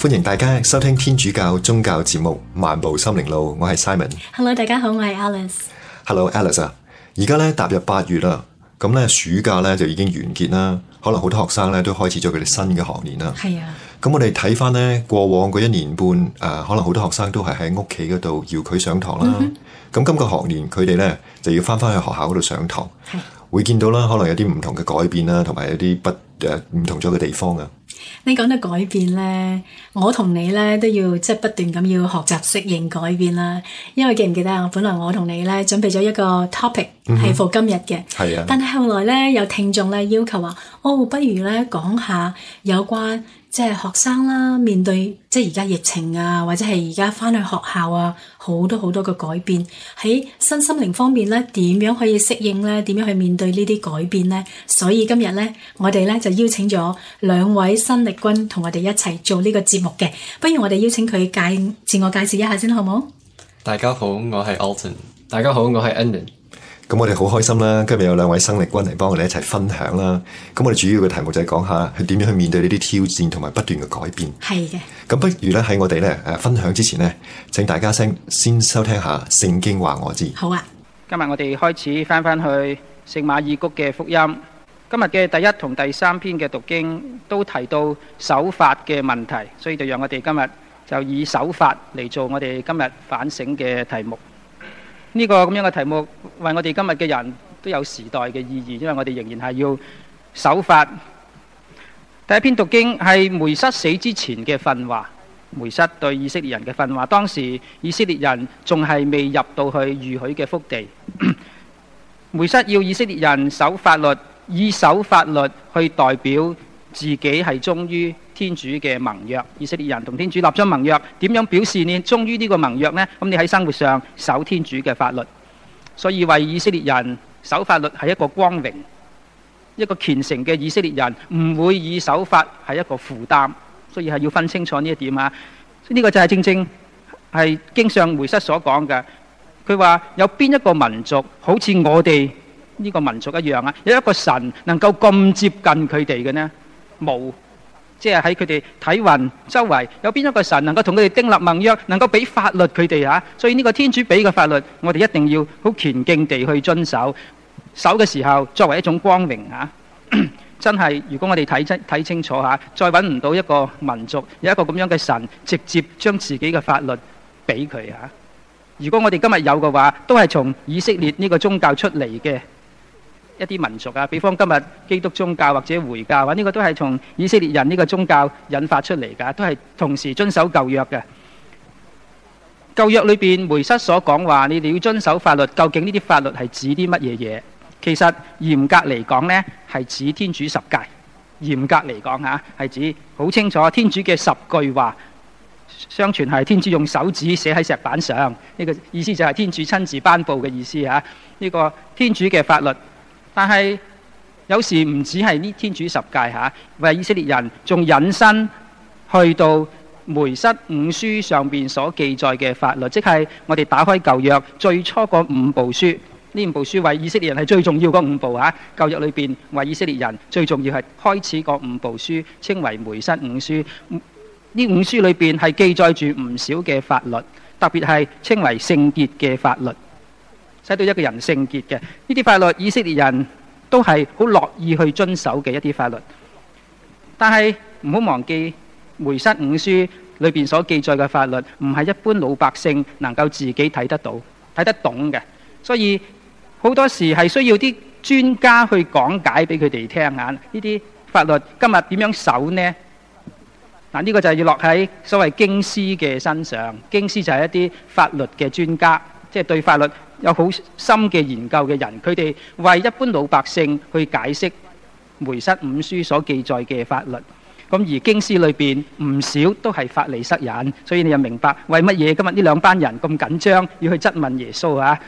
歡迎大家收聽天主教宗教節目《漫步心靈路》，我係 Simon。Hello，大家好，我係 Al Alice。Hello，Alice 啊！而家咧踏入八月啦，咁咧暑假咧就已經完結啦。可能好多學生咧都開始咗佢哋新嘅學年啦。係啊。咁我哋睇翻咧過往嗰一年半誒、啊，可能好多學生都係喺屋企嗰度搖佢上堂啦。咁今、嗯、哼個學年佢哋咧就要翻翻去學校嗰度上堂，是會見到啦，可能有啲唔同嘅改變啦，啊、同埋有啲不誒唔同咗嘅地方啊。你講到改變呢，我同你呢都要即係不斷咁要學習適應改變啦。因為記唔記得啊？本來我同你呢準備咗一個 topic 係 for、嗯、哼今日嘅，的但係後來呢有聽眾呢要求話，哦，不如呢講下有關。即係學生啦，面對即係而家疫情啊，或者係而家翻去學校啊，好多好多嘅改變喺新心靈方面咧，點樣可以適應咧？點樣去面對呢啲改變咧？所以今日咧，我哋咧就邀請咗兩位新力軍同我哋一齊做呢個節目嘅。不如我哋邀請佢介，自我介紹一下先，好唔好？大家好。大家好，我係 Alton、e。大家好，我係 Enron 咁我哋好開心啦！今日有兩位生力軍嚟幫我哋一齊分享啦。咁我哋主要嘅題目就係講下佢點樣去面對呢啲挑戰同埋不斷嘅改變。係嘅。咁不如咧喺我哋咧誒分享之前咧，請大家先先收聽下聖經話我知。好啊！今日我哋開始翻翻去聖馬爾谷嘅福音。今日嘅第一同第三篇嘅讀經都提到守法嘅問題，所以就讓我哋今日就以守法嚟做我哋今日反省嘅題目。呢個咁樣嘅題目，為我哋今日嘅人都有時代嘅意義，因為我哋仍然係要守法。第一篇讀經係梅瑟死之前嘅訓話，梅瑟對以色列人嘅訓話。當時以色列人仲係未入到去預許嘅福地， 梅瑟要以色列人守法律，以守法律去代表自己係忠於天主嘅盟約，以色列人同天主立咗盟約，點樣表示你忠於呢個盟約呢？咁你喺生活上守天主嘅法律，所以為以色列人守法律係一個光榮，一個虔誠嘅以色列人唔會以守法係一個負擔，所以係要分清楚呢一點啊！呢個就係正正係經上回失所講嘅。佢話有邊一個民族好似我哋呢個民族一樣啊？有一個神能夠咁接近佢哋嘅呢？冇。即係喺佢哋睇雲周圍，有邊一個神能夠同佢哋訂立盟約，能夠俾法律佢哋嚇？所以呢個天主俾嘅法律，我哋一定要好虔敬地去遵守。守嘅時候，作為一種光榮嚇、啊， 真係如果我哋睇清睇清楚嚇，再揾唔到一個民族有一個咁樣嘅神，直接將自己嘅法律俾佢嚇。如果我哋今日有嘅話，都係從以色列呢個宗教出嚟嘅。一啲民族啊，比方今日基督宗教或者回教，啊，呢個都係從以色列人呢個宗教引發出嚟噶都係同時遵守舊約嘅。舊約裏邊梅瑟所講話，你哋要遵守法律，究竟呢啲法律係指啲乜嘢嘢？其實嚴格嚟講咧，係指天主十戒。嚴格嚟講吓，係指好清楚，天主嘅十句話，相傳係天主用手指寫喺石板上，呢個意思就係天主親自頒布嘅意思吓、啊，呢個天主嘅法律。但係有時唔止係呢天主十誡吓、啊，為以色列人仲引申去到梅瑟五書上邊所記載嘅法律，即係我哋打開舊約最初嗰五部書，呢五部書為以色列人係最重要嗰五部吓，啊、舊約裏邊為以色列人最重要係開始嗰五部書，稱為梅瑟五書，呢五書裏邊係記載住唔少嘅法律，特別係稱為聖潔嘅法律。睇到一個人性潔嘅呢啲法律，以色列人都係好樂意去遵守嘅一啲法律。但係唔好忘記，《梅瑟五書》裏邊所記載嘅法律，唔係一般老百姓能夠自己睇得到、睇得懂嘅。所以好多時係需要啲專家去講解俾佢哋聽下呢啲法律今日點樣守呢？嗱，呢個就係要落喺所謂經師嘅身上。經師就係一啲法律嘅專家，即係對法律。有好深嘅研究嘅人，佢哋為一般老百姓去解釋梅瑟五書所記載嘅法律。咁而經師裏邊唔少都係法利賽人，所以你就明白為乜嘢今日呢兩班人咁緊張要去質問耶穌啊？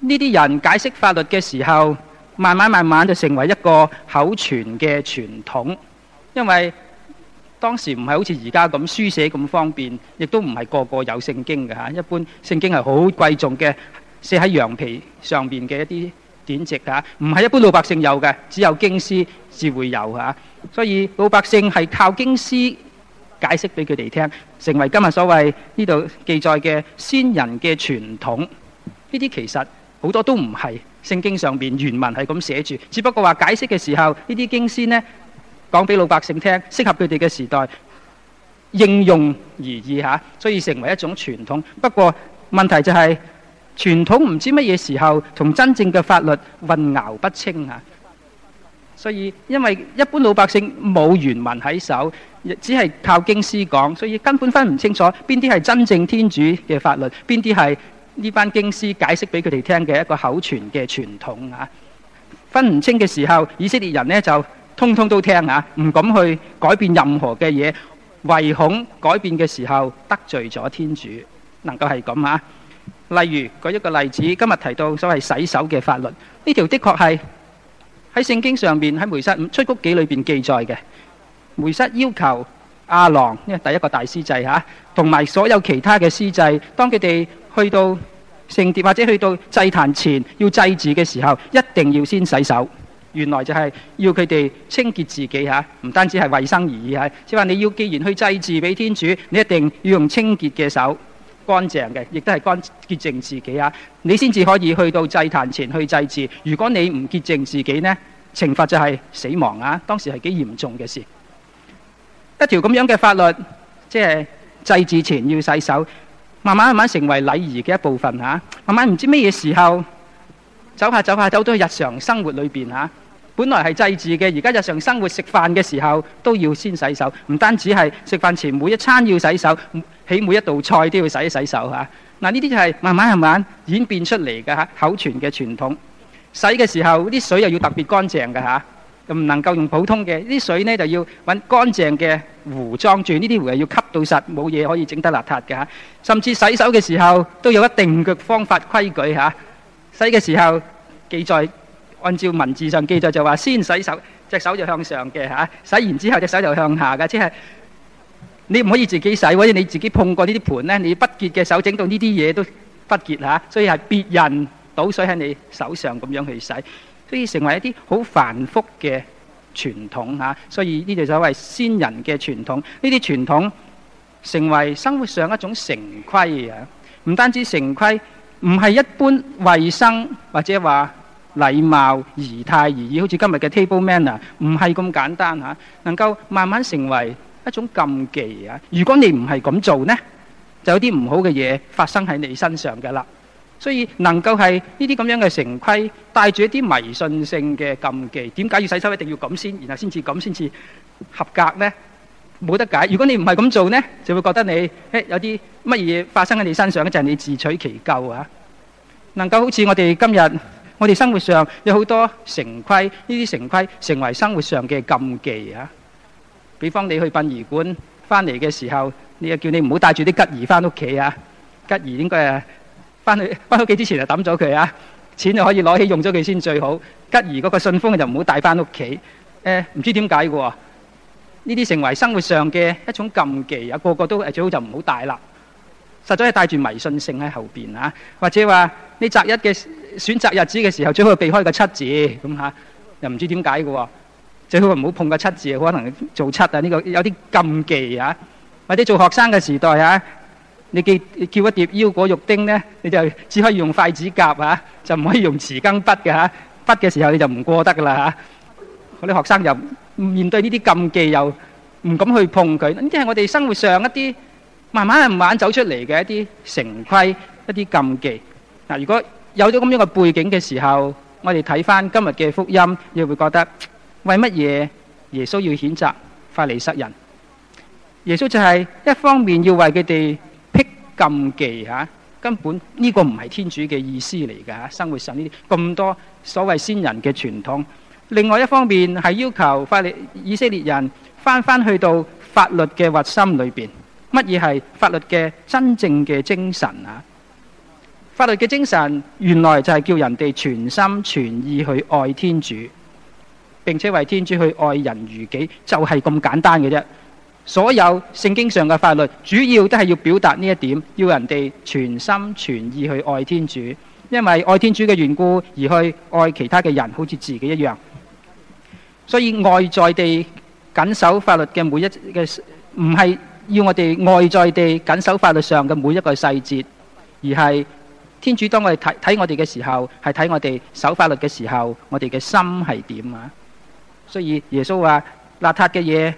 呢啲 人解釋法律嘅時候，慢慢慢慢就成為一個口傳嘅傳統，因為。當時唔係好似而家咁書寫咁方便，亦都唔係個個有聖經嘅吓。一般聖經係好貴重嘅，寫喺羊皮上邊嘅一啲典籍吓，唔係一般老百姓有嘅，只有經師至會有吓。所以老百姓係靠經師解釋俾佢哋聽，成為今日所謂呢度記載嘅先人嘅傳統。呢啲其實好多都唔係聖經上邊原文係咁寫住，只不過話解釋嘅時候，呢啲經師呢。講俾老百姓聽，適合佢哋嘅時代應用而異吓，所以成為一種傳統。不過問題就係傳統唔知乜嘢時候同真正嘅法律混淆不清啊！所以因為一般老百姓冇原文喺手，只係靠經師講，所以根本分唔清楚邊啲係真正天主嘅法律，邊啲係呢班經師解釋俾佢哋聽嘅一個口傳嘅傳統啊！分唔清嘅時候，以色列人呢就。通通都聽吓，唔敢去改變任何嘅嘢，唯恐改變嘅時候得罪咗天主，能夠係咁吓。例如舉一個例子，今日提到所謂洗手嘅法律，呢條的確係喺聖經上面喺梅瑟出谷記裏邊記載嘅。梅瑟要求亞郎呢個第一個大司祭吓，同埋所有其他嘅司祭，當佢哋去到聖殿或者去到祭壇前要祭祀嘅時候，一定要先洗手。原來就係要佢哋清潔自己嚇，唔單止係衞生而已啊！即係話你要既然去祭祀俾天主，你一定要用清潔嘅手，乾淨嘅，亦都係乾潔淨自己啊！你先至可以去到祭壇前去祭祀。如果你唔潔淨自己呢，懲罰就係死亡啊！當時係幾嚴重嘅事。一條咁樣嘅法律，即係祭祀前要洗手，慢慢慢慢成為禮儀嘅一部分嚇、啊。慢慢唔知咩嘢時候，走下走下走到日常生活裏邊嚇。啊。本來係祭祀嘅，而家日常生活食飯嘅時候都要先洗手，唔單止係食飯前每一餐要洗手，起每一道菜都要洗一洗手嚇。嗱呢啲就係慢慢慢慢演變出嚟嘅嚇，口傳嘅傳統。洗嘅時候啲水又要特別乾淨嘅嚇，咁、啊、唔能夠用普通嘅啲水呢，就要揾乾淨嘅壺裝住，呢啲壺係要吸到實，冇嘢可以整得邋遢嘅嚇。甚至洗手嘅時候都有一定嘅方法規矩嚇、啊，洗嘅時候記載。按照文字上記載就話先洗手隻手就向上嘅嚇、啊，洗完之後隻手就向下嘅，即係你唔可以自己洗，或者你自己碰過呢啲盤呢，你不潔嘅手整到呢啲嘢都不潔嚇、啊，所以係別人倒水喺你手上咁樣去洗，所以成為一啲好繁複嘅傳統嚇、啊，所以呢啲就所謂先人嘅傳統，呢啲傳統成為生活上一種成規啊，唔單止成規，唔係一般衞生或者話。禮貌儀態而已，好似今日嘅 table manners 唔係咁簡單吓，能夠慢慢成為一種禁忌啊！如果你唔係咁做呢，就有啲唔好嘅嘢發生喺你身上㗎喇。所以能夠係呢啲咁樣嘅成規，帶住一啲迷信性嘅禁忌，點解要洗手一定要咁先，然後先至咁先至合格呢？冇得解。如果你唔係咁做呢，就會覺得你誒有啲乜嘢發生喺你身上，就係你自取其咎啊！能夠好似我哋今日。我哋生活上有好多城規，呢啲城規成為生活上嘅禁忌啊！比方你去殯儀館翻嚟嘅時候，你又叫你唔好帶住啲吉儀翻屋企啊！吉儀應該啊，翻去翻屋企之前就抌咗佢啊，錢就可以攞起用咗佢先最好。吉儀嗰個信封就唔好帶翻屋企。誒、呃，唔知點解嘅喎，呢啲成為生活上嘅一種禁忌啊！個個都誒最好就唔好帶啦。實在係帶住迷信性喺後邊啊，或者話你擲一嘅。選擇日子嘅時候，最好避開個七字咁吓、啊，又唔知點解嘅，最好唔好碰個七字，可能做七啊呢、呢個有啲禁忌啊。或者做學生嘅時代啊，你叫叫一碟腰果肉丁呢，你就只可以用筷子夾啊，就唔可以用匙羹筆嘅吓，筆、啊、嘅時候你就唔過得噶啦吓。嗰、啊、啲學生又面對呢啲禁忌又唔敢去碰佢，呢啲係我哋生活上一啲慢慢慢慢走出嚟嘅一啲成規一啲禁忌。嗱、啊、如果，有咗咁樣嘅背景嘅時候，我哋睇翻今日嘅福音，你會覺得為乜嘢耶穌要譴責法利塞人？耶穌就係一方面要為佢哋闢禁忌吓、啊，根本呢個唔係天主嘅意思嚟嘅、啊、生活上呢啲咁多所謂先人嘅傳統；另外一方面係要求法利以色列人翻翻去到法律嘅核心裏邊，乜嘢係法律嘅真正嘅精神啊？法律嘅精神原來就係叫人哋全心全意去愛天主，並且為天主去愛人如己，就係、是、咁簡單嘅啫。所有聖經上嘅法律主要都係要表達呢一點，要人哋全心全意去愛天主，因為愛天主嘅緣故而去愛其他嘅人，好似自己一樣。所以外在地謹守法律嘅每一嘅，唔係要我哋外在地謹守法律上嘅每一個細節，而係。天主當我哋睇睇我哋嘅時候，係睇我哋守法律嘅時候，我哋嘅心係點啊？所以耶穌話邋遢嘅嘢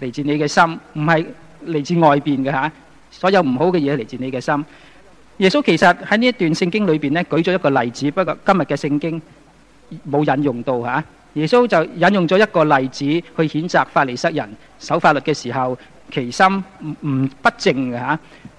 嚟自你嘅心，唔係嚟自外邊嘅吓。所有唔好嘅嘢嚟自你嘅心。耶穌其實喺呢一段聖經裏邊咧，舉咗一個例子，不過今日嘅聖經冇引用到吓。耶穌就引用咗一個例子去譴責法利塞人守法律嘅時候，其心唔唔不正嘅吓。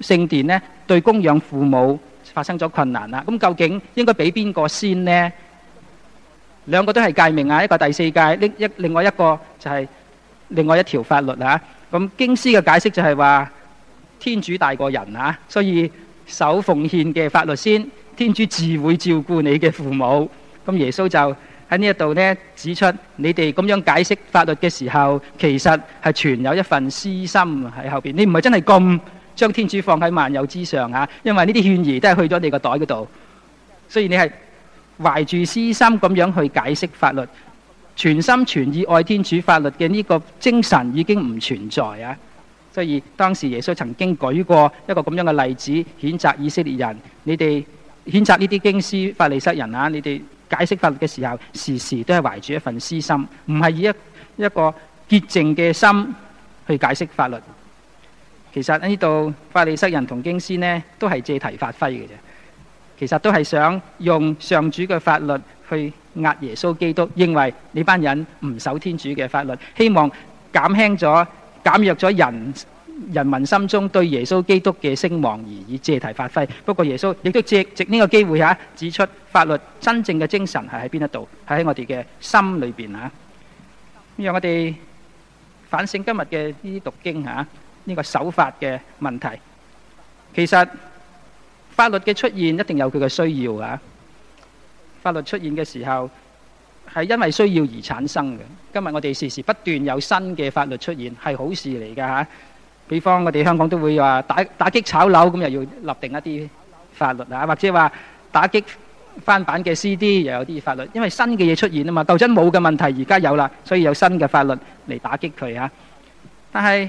聖殿咧對供養父母發生咗困難啦，咁究竟應該俾邊個先呢？兩個都係誡命。啊，一個第四誡，呢一另外一個就係另外一條法律啊。咁經師嘅解釋就係話天主大過人啊，所以守奉獻嘅法律先，天主自會照顧你嘅父母。咁、啊、耶穌就喺呢一度咧指出，你哋咁樣解釋法律嘅時候，其實係存有一份私心喺後邊，你唔係真係咁。將天主放喺萬有之上啊！因為呢啲獻儀都係去咗你個袋嗰度，所以你係懷住私心咁樣去解釋法律，全心全意愛天主法律嘅呢個精神已經唔存在啊！所以當時耶穌曾經舉過一個咁樣嘅例子，譴責以色列人：你哋譴責呢啲經師法利塞人啊！你哋解釋法律嘅時候，時時都係懷住一份私心，唔係以一一個潔淨嘅心去解釋法律。其實呢度，法利賽人同經師呢都係借題發揮嘅啫。其實都係想用上主嘅法律去壓耶穌基督，認為呢班人唔守天主嘅法律，希望減輕咗、減弱咗人人民心中對耶穌基督嘅聲望而已，借題發揮。不過耶穌亦都借藉呢個機會吓、啊，指出法律真正嘅精神係喺邊一度，係喺我哋嘅心裏邊吓、啊。讓我哋反省今日嘅呢啲讀經吓。啊呢個守法嘅問題，其實法律嘅出現一定有佢嘅需要啊！法律出現嘅時候係因為需要而產生嘅。今日我哋時時不斷有新嘅法律出現，係好事嚟㗎嚇。比方我哋香港都會話打打擊炒樓，咁又要立定一啲法律啊，或者話打擊翻版嘅 CD，又有啲法律。因為新嘅嘢出現啊嘛，舊陣冇嘅問題而家有啦，所以有新嘅法律嚟打擊佢啊。但係，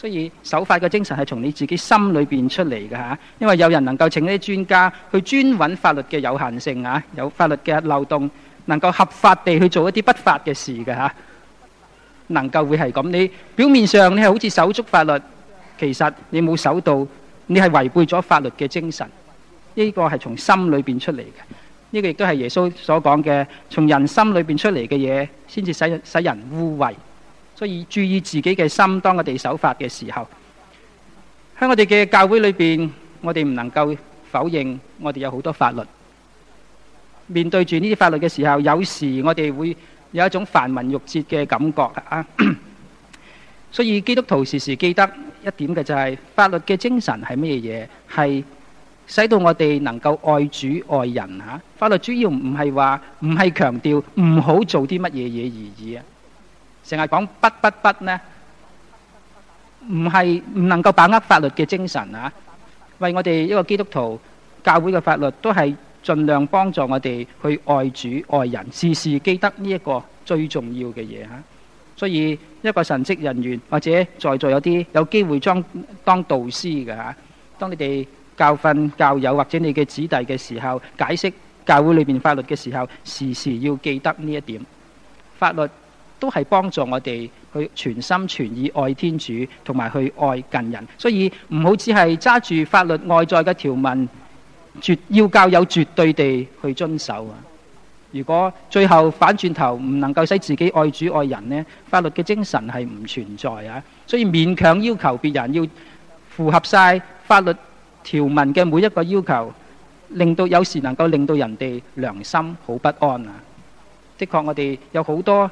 所以守法嘅精神係從你自己心裏邊出嚟嘅吓，因為有人能夠請啲專家去專揾法律嘅有限性啊，有法律嘅漏洞，能夠合法地去做一啲不法嘅事嘅吓，能夠會係咁。你表面上你係好似守足法律，其實你冇守到，你係違背咗法律嘅精神。呢個係從心裏邊出嚟嘅，呢個亦都係耶穌所講嘅，從人心裏邊出嚟嘅嘢，先至使使人污穢。所以注意自己嘅心，當我哋守法嘅時候，喺我哋嘅教會裏邊，我哋唔能夠否認我哋有好多法律。面對住呢啲法律嘅時候，有時我哋會有一種繁文縟節嘅感覺。啊！ 所以基督徒時時記得一點嘅就係、是、法律嘅精神係乜嘢？係使到我哋能夠愛主愛人吓、啊。法律主要唔係話唔係強調唔好做啲乜嘢嘢而已啊！淨係講不不不呢，唔係唔能夠把握法律嘅精神啊！為我哋一個基督徒教會嘅法律，都係盡量幫助我哋去愛主愛人，事事記得呢一個最重要嘅嘢吓。所以一個神職人員或者在座有啲有機會當當導師嘅吓，啊，當你哋教訓教友或者你嘅子弟嘅時候，解釋教會裏邊法律嘅時候，時時要記得呢一點法律。都係幫助我哋去全心全意愛天主，同埋去愛近人。所以唔好只係揸住法律外在嘅條文絕，要教有絕對地去遵守啊！如果最後反轉頭唔能夠使自己愛主愛人呢，法律嘅精神係唔存在啊！所以勉強要求別人要符合晒法律條文嘅每一個要求，令到有時能夠令到人哋良心好不安啊！的確，我哋有好多。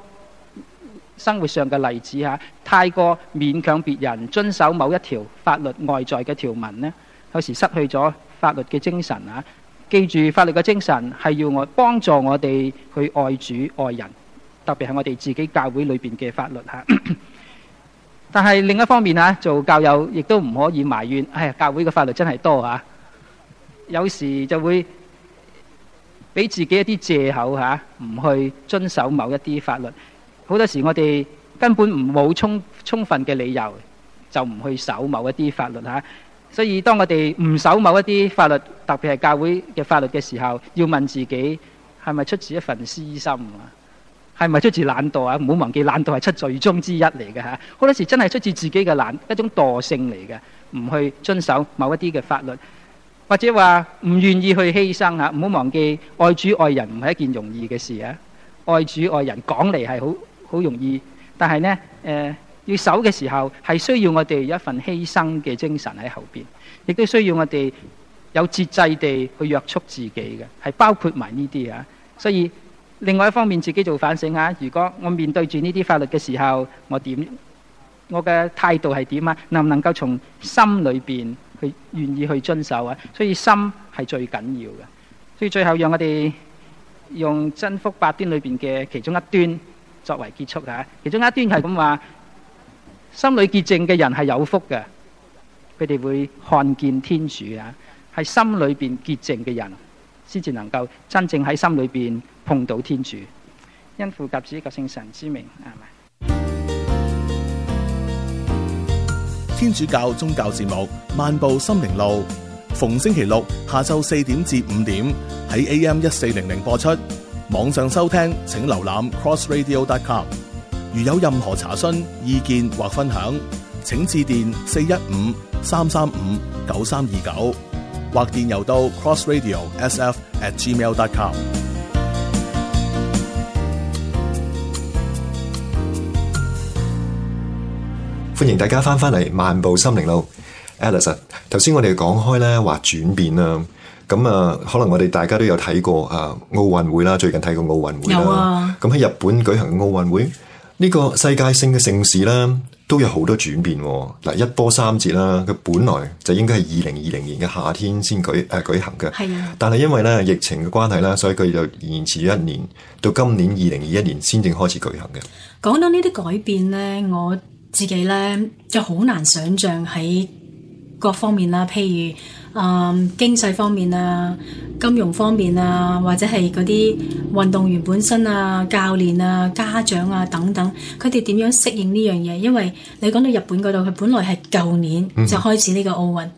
生活上嘅例子吓、啊、太過勉強別人遵守某一條法律外在嘅條文呢、啊，有時失去咗法律嘅精神嚇、啊。記住法律嘅精神係要我幫助我哋去愛主愛人，特別係我哋自己教會裏邊嘅法律吓、啊， 但係另一方面嚇、啊，做教友亦都唔可以埋怨，哎呀，教會嘅法律真係多吓、啊、有時就會俾自己一啲借口吓、啊、唔去遵守某一啲法律。好多時我哋根本唔冇充充分嘅理由，就唔去守某一啲法律吓啊。所以當我哋唔守某一啲法律，特別係教會嘅法律嘅時候，要問自己係咪出自一份私心啊？係咪出自懶惰啊？唔好忘記懶惰係七罪宗之一嚟嘅吓啊。好多時真係出自自己嘅懶，一種惰性嚟嘅，唔去遵守某一啲嘅法律，或者話唔願意去犧牲吓啊。唔好忘記愛主愛人唔係一件容易嘅事啊！愛主愛人講嚟係好。好容易，但係呢，誒、呃、要守嘅時候係需要我哋有一份犧牲嘅精神喺後邊，亦都需要我哋有節制地去約束自己嘅，係包括埋呢啲啊。所以另外一方面，自己做反省啊。如果我面對住呢啲法律嘅時候，我點我嘅態度係點啊？能唔能夠從心裏邊去願意去遵守啊？所以心係最緊要嘅。所以最後讓我哋用真福八端裏邊嘅其中一端。作為結束嚇，其中一端係咁話：心裏潔淨嘅人係有福嘅，佢哋會看見天主啊！係心裏邊潔淨嘅人先至能夠真正喺心裏邊碰到天主。因父及子，及聖神之名啊！天主教宗教節目《漫步心靈路》，逢星期六下晝四點至五點喺 AM 一四零零播出。網上收聽，請瀏覽 crossradio.com。如有任何查詢、意見或分享，請致電四一五三三五九三二九，或電郵到 crossradio.sf@gmail.com。Com 歡迎大家翻返嚟《漫步心靈路》Alice。Alison，頭先我哋講開咧，話轉變啊。咁啊，可能我哋大家都有睇過啊，奧運會啦，最近睇過奧運會啦。咁喺、啊、日本舉行嘅奧運會，呢個世界性嘅盛事啦，都有好多轉變、哦。嗱，一波三折啦，佢本來就應該係二零二零年嘅夏天先舉誒、啊、舉行嘅。係啊，但係因為咧疫情嘅關係啦，所以佢就延遲咗一年，到今年二零二一年先至開始舉行嘅。講到呢啲改變咧，我自己咧就好難想象喺。各方面啦，譬如啊、嗯、經濟方面啊、金融方面啊，或者係嗰啲運動員本身啊、教練啊、家長啊等等，佢哋點樣適應呢樣嘢？因為你講到日本嗰度，佢本來係舊年就開始呢個奧運，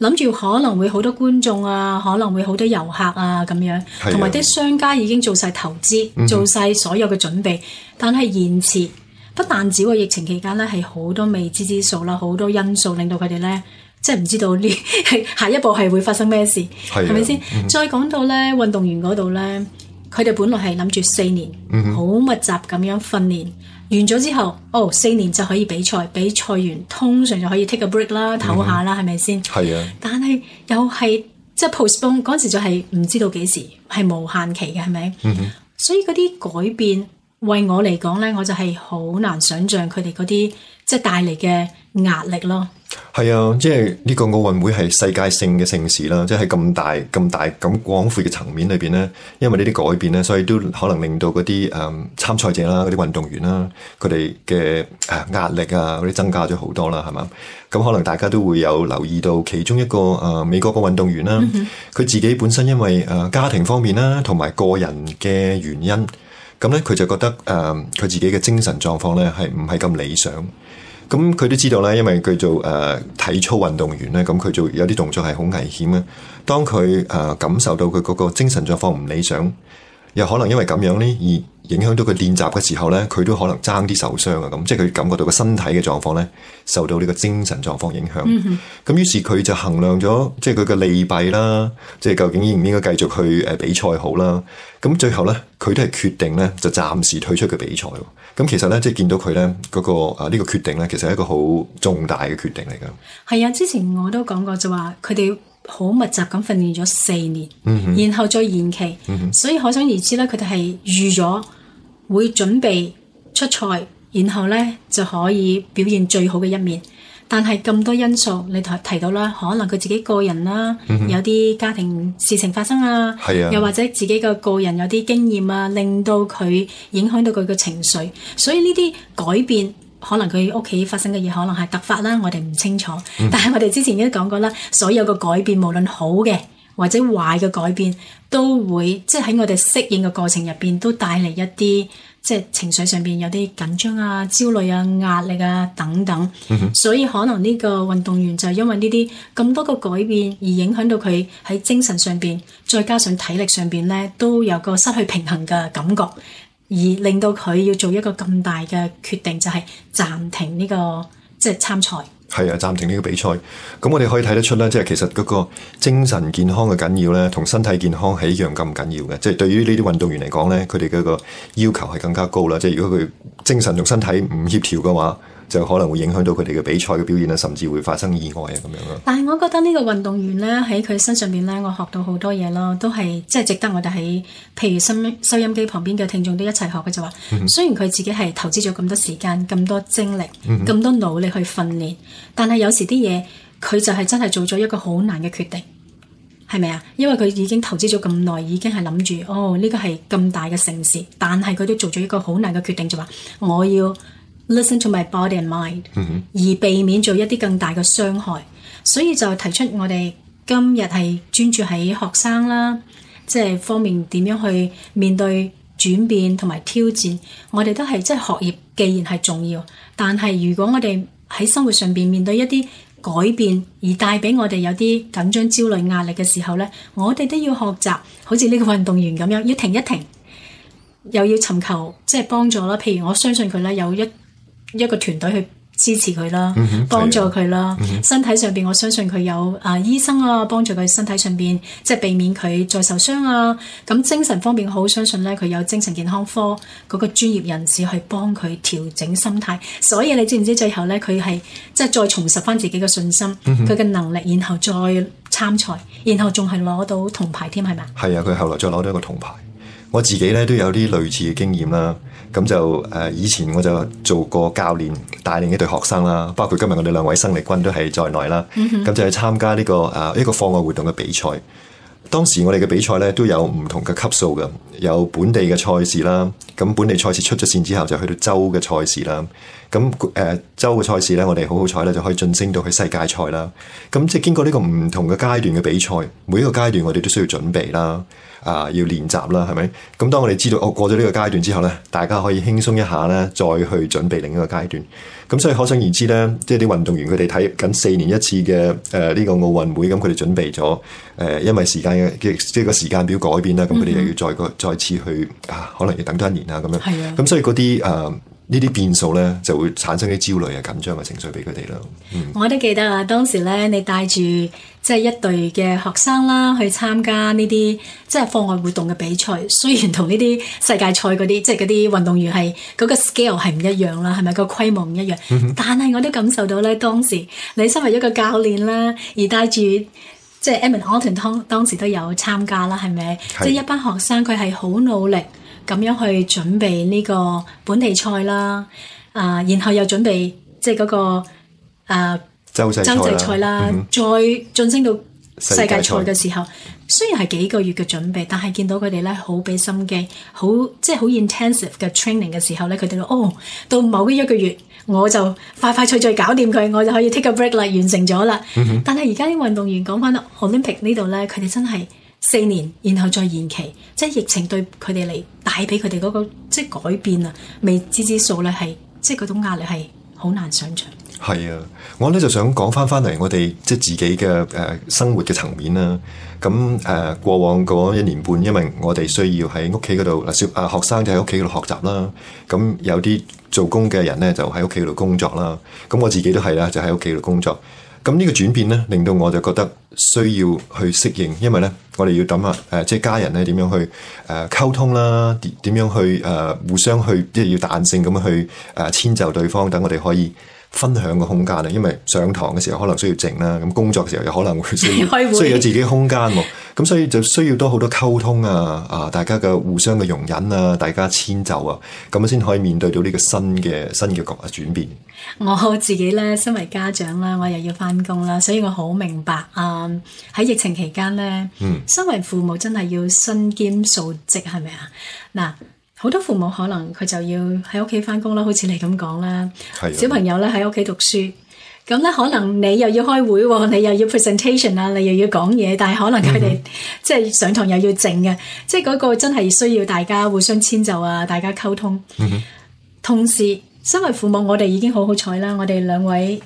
諗住、嗯、哼可能會好多觀眾啊，可能會好多遊客啊咁樣，同埋啲商家已經做晒投資，做晒所有嘅準備，嗯、哼但係延遲不但只喎，疫情期間咧係好多未知之數啦，好多因素令到佢哋咧。即係唔知道呢，下一步係會發生咩事，係咪先？吧嗯、哼再講到咧，運動員嗰度咧，佢哋本來係諗住四年，好、嗯、哼密集咁樣訓練完咗之後，哦，四年就可以比賽，比賽完通常就可以 take a break 啦，唞下啦，係咪先？係啊。但係又係即係 postpone 嗰時就係唔知道幾時，係無限期嘅，係咪？嗯、哼所以嗰啲改變為我嚟講咧，我就係好難想象佢哋嗰啲即係帶嚟嘅壓力咯。係啊，即係呢個奧運會係世界性嘅盛事啦，即係咁大、咁大、咁廣闊嘅層面裏邊呢，因為呢啲改變呢，所以都可能令到嗰啲誒參賽者啦、嗰啲運動員啦，佢哋嘅誒壓力啊嗰啲增加咗好多啦，係嘛？咁可能大家都會有留意到其中一個誒美國嘅運動員啦，佢自己本身因為誒家庭方面啦，同埋個人嘅原因，咁呢，佢就覺得誒佢自己嘅精神狀況呢，係唔係咁理想。咁佢都知道啦，因為佢做誒、呃、體操運動員咧，咁佢做有啲動作係好危險啊！當佢、呃、感受到佢嗰個精神狀況唔理想，又可能因為咁樣呢。而。影響到佢練習嘅時候咧，佢都可能爭啲受傷啊！咁即係佢感覺到個身體嘅狀況咧，受到呢個精神狀況影響。咁、mm hmm. 於是佢就衡量咗，即係佢嘅利弊啦，即係究竟應唔應該繼續去誒比賽好啦。咁最後咧，佢都係決定咧，就暫時退出嘅比賽。咁其實咧，即係見到佢咧嗰個啊呢、呢個決定咧，其實係一個好重大嘅決定嚟㗎。係啊，之前我都講過就話，佢哋好密集咁訓練咗四年，mm hmm. 然後再延期，mm hmm. 所以可想而知咧，佢哋係預咗。會準備出賽，然後呢就可以表現最好嘅一面。但係咁多因素，你提提到啦，可能佢自己個人啦， 有啲家庭事情發生啊， 又或者自己嘅個人有啲經驗啊，令到佢影響到佢嘅情緒。所以呢啲改變，可能佢屋企發生嘅嘢，可能係突發啦，我哋唔清楚。 但係我哋之前已經講過啦，所有嘅改變，無論好嘅或者壞嘅改變。都會即係喺我哋適應嘅過程入邊，都帶嚟一啲即係情緒上邊有啲緊張啊、焦慮啊、壓力啊等等，嗯哼，所以可能呢個運動員就因為呢啲咁多個改變而影響到佢喺精神上邊，再加上體力上邊咧都有個失去平衡嘅感覺，而令到佢要做一個咁大嘅決定，就係暫停呢個即係參賽。係啊，暫停呢個比賽。咁我哋可以睇得出咧，即係其實嗰個精神健康嘅緊要咧，同身體健康係一樣咁緊要嘅。即係對於呢啲運動員嚟講咧，佢哋嘅個要求係更加高啦。即係如果佢精神同身體唔協調嘅話，就可能會影響到佢哋嘅比賽嘅表現啊，甚至會發生意外啊，咁樣咯。但係我覺得呢個運動員咧，喺佢身上邊咧，我學到好多嘢咯，都係即係值得我哋喺譬如收收音機旁邊嘅聽眾都一齊學嘅就話， 雖然佢自己係投資咗咁多時間、咁多精力、咁 多努力去訓練，但係有時啲嘢佢就係真係做咗一個好難嘅決定，係咪啊？因為佢已經投資咗咁耐，已經係諗住哦，呢、這個係咁大嘅盛事，但係佢都做咗一個好難嘅決定，就話我要。Listen to my body and mind，mm hmm. 而避免做一啲更大嘅傷害，所以就提出我哋今日係專注喺學生啦，即係方面點樣去面對轉變同埋挑戰。我哋都係即係學業既然係重要，但係如果我哋喺生活上邊面對一啲改變，而帶俾我哋有啲緊張焦慮壓力嘅時候咧，我哋都要學習，好似呢個運動員咁樣，要停一停，又要尋求即係幫助啦。譬如我相信佢咧有一。一個團隊去支持佢啦，幫、嗯、哼助佢啦，的身體上邊我相信佢有啊醫生啊幫助佢身體上邊，即係避免佢再受傷啊。咁精神方面好相信咧，佢有精神健康科嗰、那個專業人士去幫佢調整心態。所以你知唔知最後咧，佢係即係再重拾翻自己嘅信心，佢嘅、嗯、哼能力，然後再參賽，然後仲係攞到銅牌添係咪？係啊，佢後來再攞到一個銅牌。我自己咧都有啲類似嘅經驗啦。咁就誒，以前我就做過教練，帶領一隊學生啦，包括今日我哋兩位生力軍都係在內啦。咁、mm hmm. 就去參加呢個誒一個課外活動嘅比賽。當時我哋嘅比賽咧都有唔同嘅級數嘅，有本地嘅賽事啦。咁本地賽事出咗線之後，就去到州嘅賽事啦。咁誒州嘅賽事咧，我哋好好彩咧，就可以晉升到去世界賽啦。咁即係經過呢個唔同嘅階段嘅比賽，每一個階段我哋都需要準備啦。啊，要練習啦，係咪？咁、啊、當我哋知道我過咗呢個階段之後呢，大家可以輕鬆一下呢，再去準備另一個階段。咁所以可想而知呢，即係啲運動員佢哋睇緊四年一次嘅誒呢個奧運會，咁佢哋準備咗誒、呃，因為時間嘅即係個時間表改變啦，咁佢哋又要再再次去啊，可能要等多一年啦，咁樣。咁、mm hmm. 所以嗰啲誒呢啲變數呢，就會產生啲焦慮啊、緊張嘅情緒俾佢哋啦。嗯、我都記得啊，當時呢，你帶住，即係一隊嘅學生啦，去參加呢啲即係課外活動嘅比賽。雖然同呢啲世界賽嗰啲即係嗰啲運動員係嗰、嗰個 scale 係唔一樣啦，係咪、嗰個規模唔一樣？嗯、哼但係我都感受到咧，當時你身為一個教練啦，而帶住即係 Emma，我 Tom 當時都有參加啦，係咪？即係是一班學生佢係好努力咁樣去準備呢個本地賽啦，啊、呃，然後又準備即係嗰個啊。呃洲際賽啦，嗯、哼再晉升到世界賽嘅時候，雖然係幾個月嘅準備，但係見到佢哋咧，好俾心機，好即係好 intensive 嘅 training 嘅時候咧，佢哋都哦，到某一個月我就快快脆脆搞掂佢，我就可以 take a break 啦，完成咗啦。嗯、哼但係而家啲運動員講翻啦，Olympic 呢度咧，佢哋真係四年，然後再延期，即係疫情對佢哋嚟帶俾佢哋嗰個即係改變啊，未知之數咧係即係嗰種壓力係好難想象。係啊，我咧就想講翻翻嚟我哋即係自己嘅誒、呃、生活嘅層面啦。咁、嗯、誒過往嗰一年半，因為我哋需要喺屋企嗰度嗱小啊學生就喺屋企嗰度學習啦。咁、嗯、有啲做工嘅人咧就喺屋企嗰度工作啦。咁、嗯、我自己都係啦，就喺屋企度工作。咁、嗯這個、呢個轉變咧，令到我就覺得需要去適應，因為咧我哋要諗下誒、呃、即係家人咧點樣去誒溝、呃、通啦，點樣去誒、呃、互相去即係要彈性咁去誒遷、呃、就對方，等我哋可以。分享嘅空間啊，因為上堂嘅時候可能需要靜啦，咁工作嘅時候又可能需要，可以會需要有自己空間喎，咁 所以就需要多好多溝通啊，啊大家嘅互相嘅容忍啊，大家遷就啊，咁先可以面對到呢個新嘅新嘅角色轉變。我自己咧身為家長啦，我又要返工啦，所以我好明白啊喺疫情期間咧，嗯，身為父母真係要身兼數職，係咪啊嗱？好多父母可能佢就要喺屋企翻工啦，好似你咁講啦。的小朋友咧喺屋企讀書，咁咧可能你又要開會，你又要 presentation 啊，你又要講嘢，但係可能佢哋、嗯、哼即係上堂又要靜嘅，即係嗰個真係需要大家互相遷就啊，大家溝通。嗯、哼同時，身為父母，我哋已經好好彩啦，我哋兩位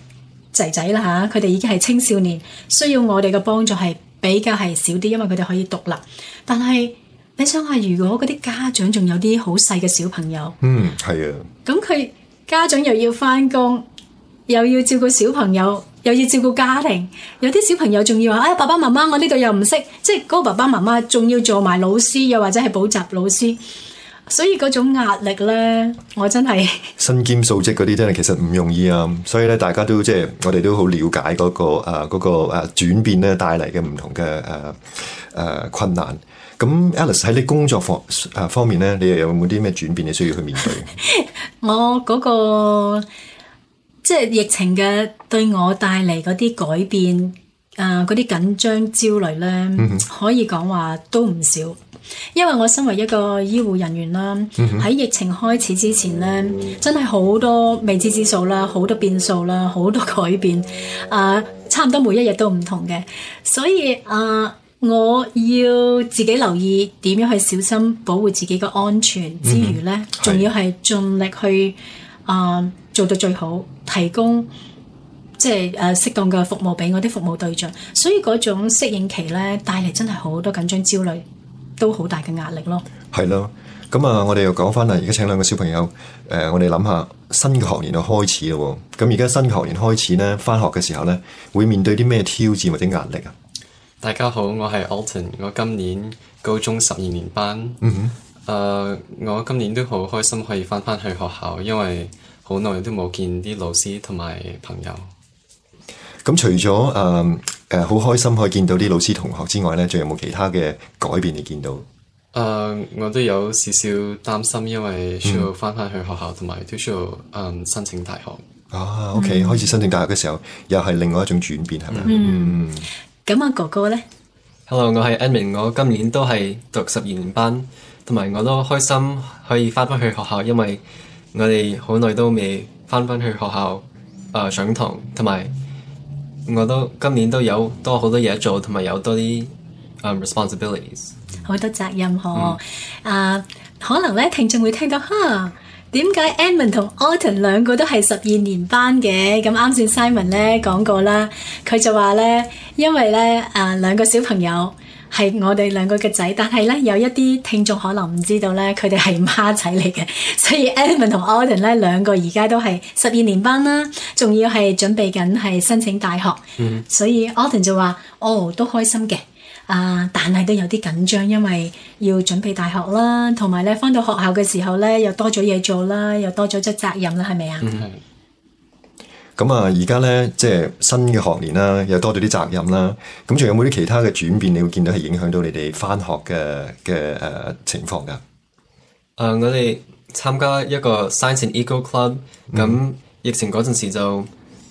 仔仔啦吓，佢哋已經係青少年，需要我哋嘅幫助係比較係少啲，因為佢哋可以獨立，但係。你想下，如果嗰啲家長仲有啲好細嘅小朋友，嗯，係啊，咁佢家長又要翻工，又要照顧小朋友，又要照顧家庭，有啲小朋友仲要話，啊、哎，爸爸媽媽，我呢度又唔識，即係嗰個爸爸媽媽仲要做埋老師，又或者係補習老師，所以嗰種壓力咧，我真係 身兼數職嗰啲真係其實唔容易啊！所以咧，大家都即係我哋都好了解嗰、嗰個誒嗰、呃嗰個誒轉變咧帶嚟嘅唔同嘅誒誒困難。咁 Alice 喺你工作方誒方面咧，你又有冇啲咩轉變你需要去面對？ 我嗰、那個即係、就是、疫情嘅對我帶嚟嗰啲改變誒，嗰、呃、啲緊張焦慮咧，可以講話都唔少。因為我身為一個醫護人員啦，喺 疫情開始之前咧，真係好多未知之數啦，好多變數啦，好多改變誒、呃，差唔多每一日都唔同嘅，所以誒。呃我要自己留意點樣去小心保護自己嘅安全之餘呢，仲、嗯嗯、要係盡力去啊、呃、做到最好，提供即係誒適當嘅服務俾我啲服務對象。所以嗰種適應期呢，帶嚟真係好多緊張焦慮，都好大嘅壓力咯。係咯，咁啊，我哋又講翻啦。而家請兩個小朋友誒、呃，我哋諗下新嘅學年就開始咯。咁而家新嘅學年開始呢，翻學嘅時候呢，會面對啲咩挑戰或者壓力啊？大家好，我係 Alton，我今年高中十二年班，誒、嗯哼呃，我今年都好開心可以返返去學校，因為好耐都冇見啲老師同埋朋友。咁除咗誒，誒、嗯，好、呃、開心可以見到啲老師同學之外呢，仲有冇其他嘅改變你見到？誒、呃，我都有少少擔心，因為需要返返去學校，同埋、嗯、都需要、嗯、申請大學。啊，OK，開始申請大學嘅時候，嗯、又係另外一種轉變，係咪？嗯。嗯咁阿哥哥呢 hello，我係 Enming 我今年都係讀十二年班，同埋我都開心可以翻返去學校，因為我哋好耐都未翻返去學校誒、呃、上堂，同埋我都今年都有,都有多好多嘢做，同埋有多啲、um, responsibilities，好多責任嗬，誒、嗯，uh, 可能呢，聽眾會聽到吓。Huh 點解 Edmond 同 Alton 兩個都係十二年班嘅？咁啱先 Simon 咧講過啦，佢就話咧，因為咧啊、呃、兩個小朋友係我哋兩個嘅仔，但係咧有一啲聽眾可能唔知道咧，佢哋係孖仔嚟嘅，所以 Edmond 同 Alton 咧兩個而家都係十二年班啦，仲要係準備緊係申請大學，mm hmm. 所以 Alton 就話哦都開心嘅。啊！Uh, 但係都有啲緊張，因為要準備大學啦，同埋咧返到學校嘅時候咧，又多咗嘢做啦，又多咗則責任啦，係咪啊？咁啊、嗯，而家咧即係新嘅學年啦，又多咗啲責任啦。咁仲有冇啲其他嘅轉變？你會見到係影響到你哋返學嘅嘅誒情況㗎？誒、嗯，我哋參加一個 Science and Eco Club，咁疫情嗰陣時就，嗯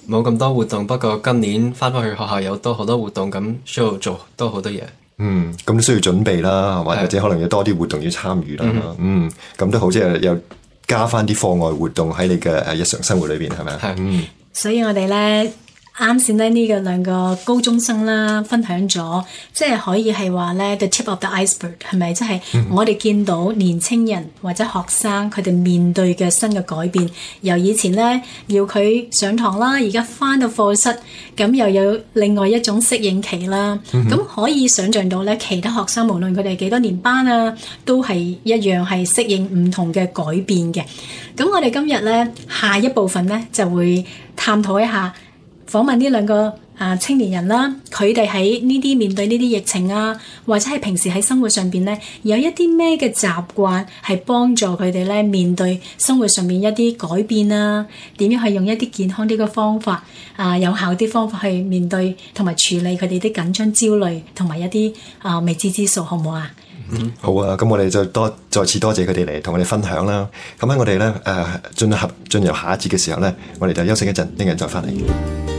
冇咁多活動，不過今年返返去學校有多好多活動，咁需要做多好多嘢。嗯，咁需要準備啦，是或者可能有多啲活動要參與啦。嗯，咁都好，即係又加返啲課外活動喺你嘅日常生活裏邊，係咪啊？係是是嗯，所以我哋咧。啱先咧，呢個兩個高中生啦，分享咗，即係可以係話咧，the tip of the iceberg 係咪？即係我哋見到年青人或者學生佢哋面對嘅新嘅改變，由以前咧要佢上堂啦，而家返到課室，咁又有另外一種適應期啦。咁 可以想像到咧，其他學生無論佢哋幾多年班啊，都係一樣係適應唔同嘅改變嘅。咁我哋今日咧，下一部分咧就會探討一下，訪問呢兩個啊青年人啦，佢哋喺呢啲面對呢啲疫情啊，或者係平時喺生活上邊咧，有一啲咩嘅習慣係幫助佢哋咧面對生活上面一啲改變啊？點樣去用一啲健康啲嘅方法啊，有效啲方法去面對同埋處理佢哋啲緊張焦慮同埋一啲啊未知之數，好唔好啊？嗯，好啊！咁我哋就多再次多謝佢哋嚟同我哋分享啦。咁喺我哋咧誒進入下一節嘅時候咧，我哋就休息一陣，一陣再翻嚟。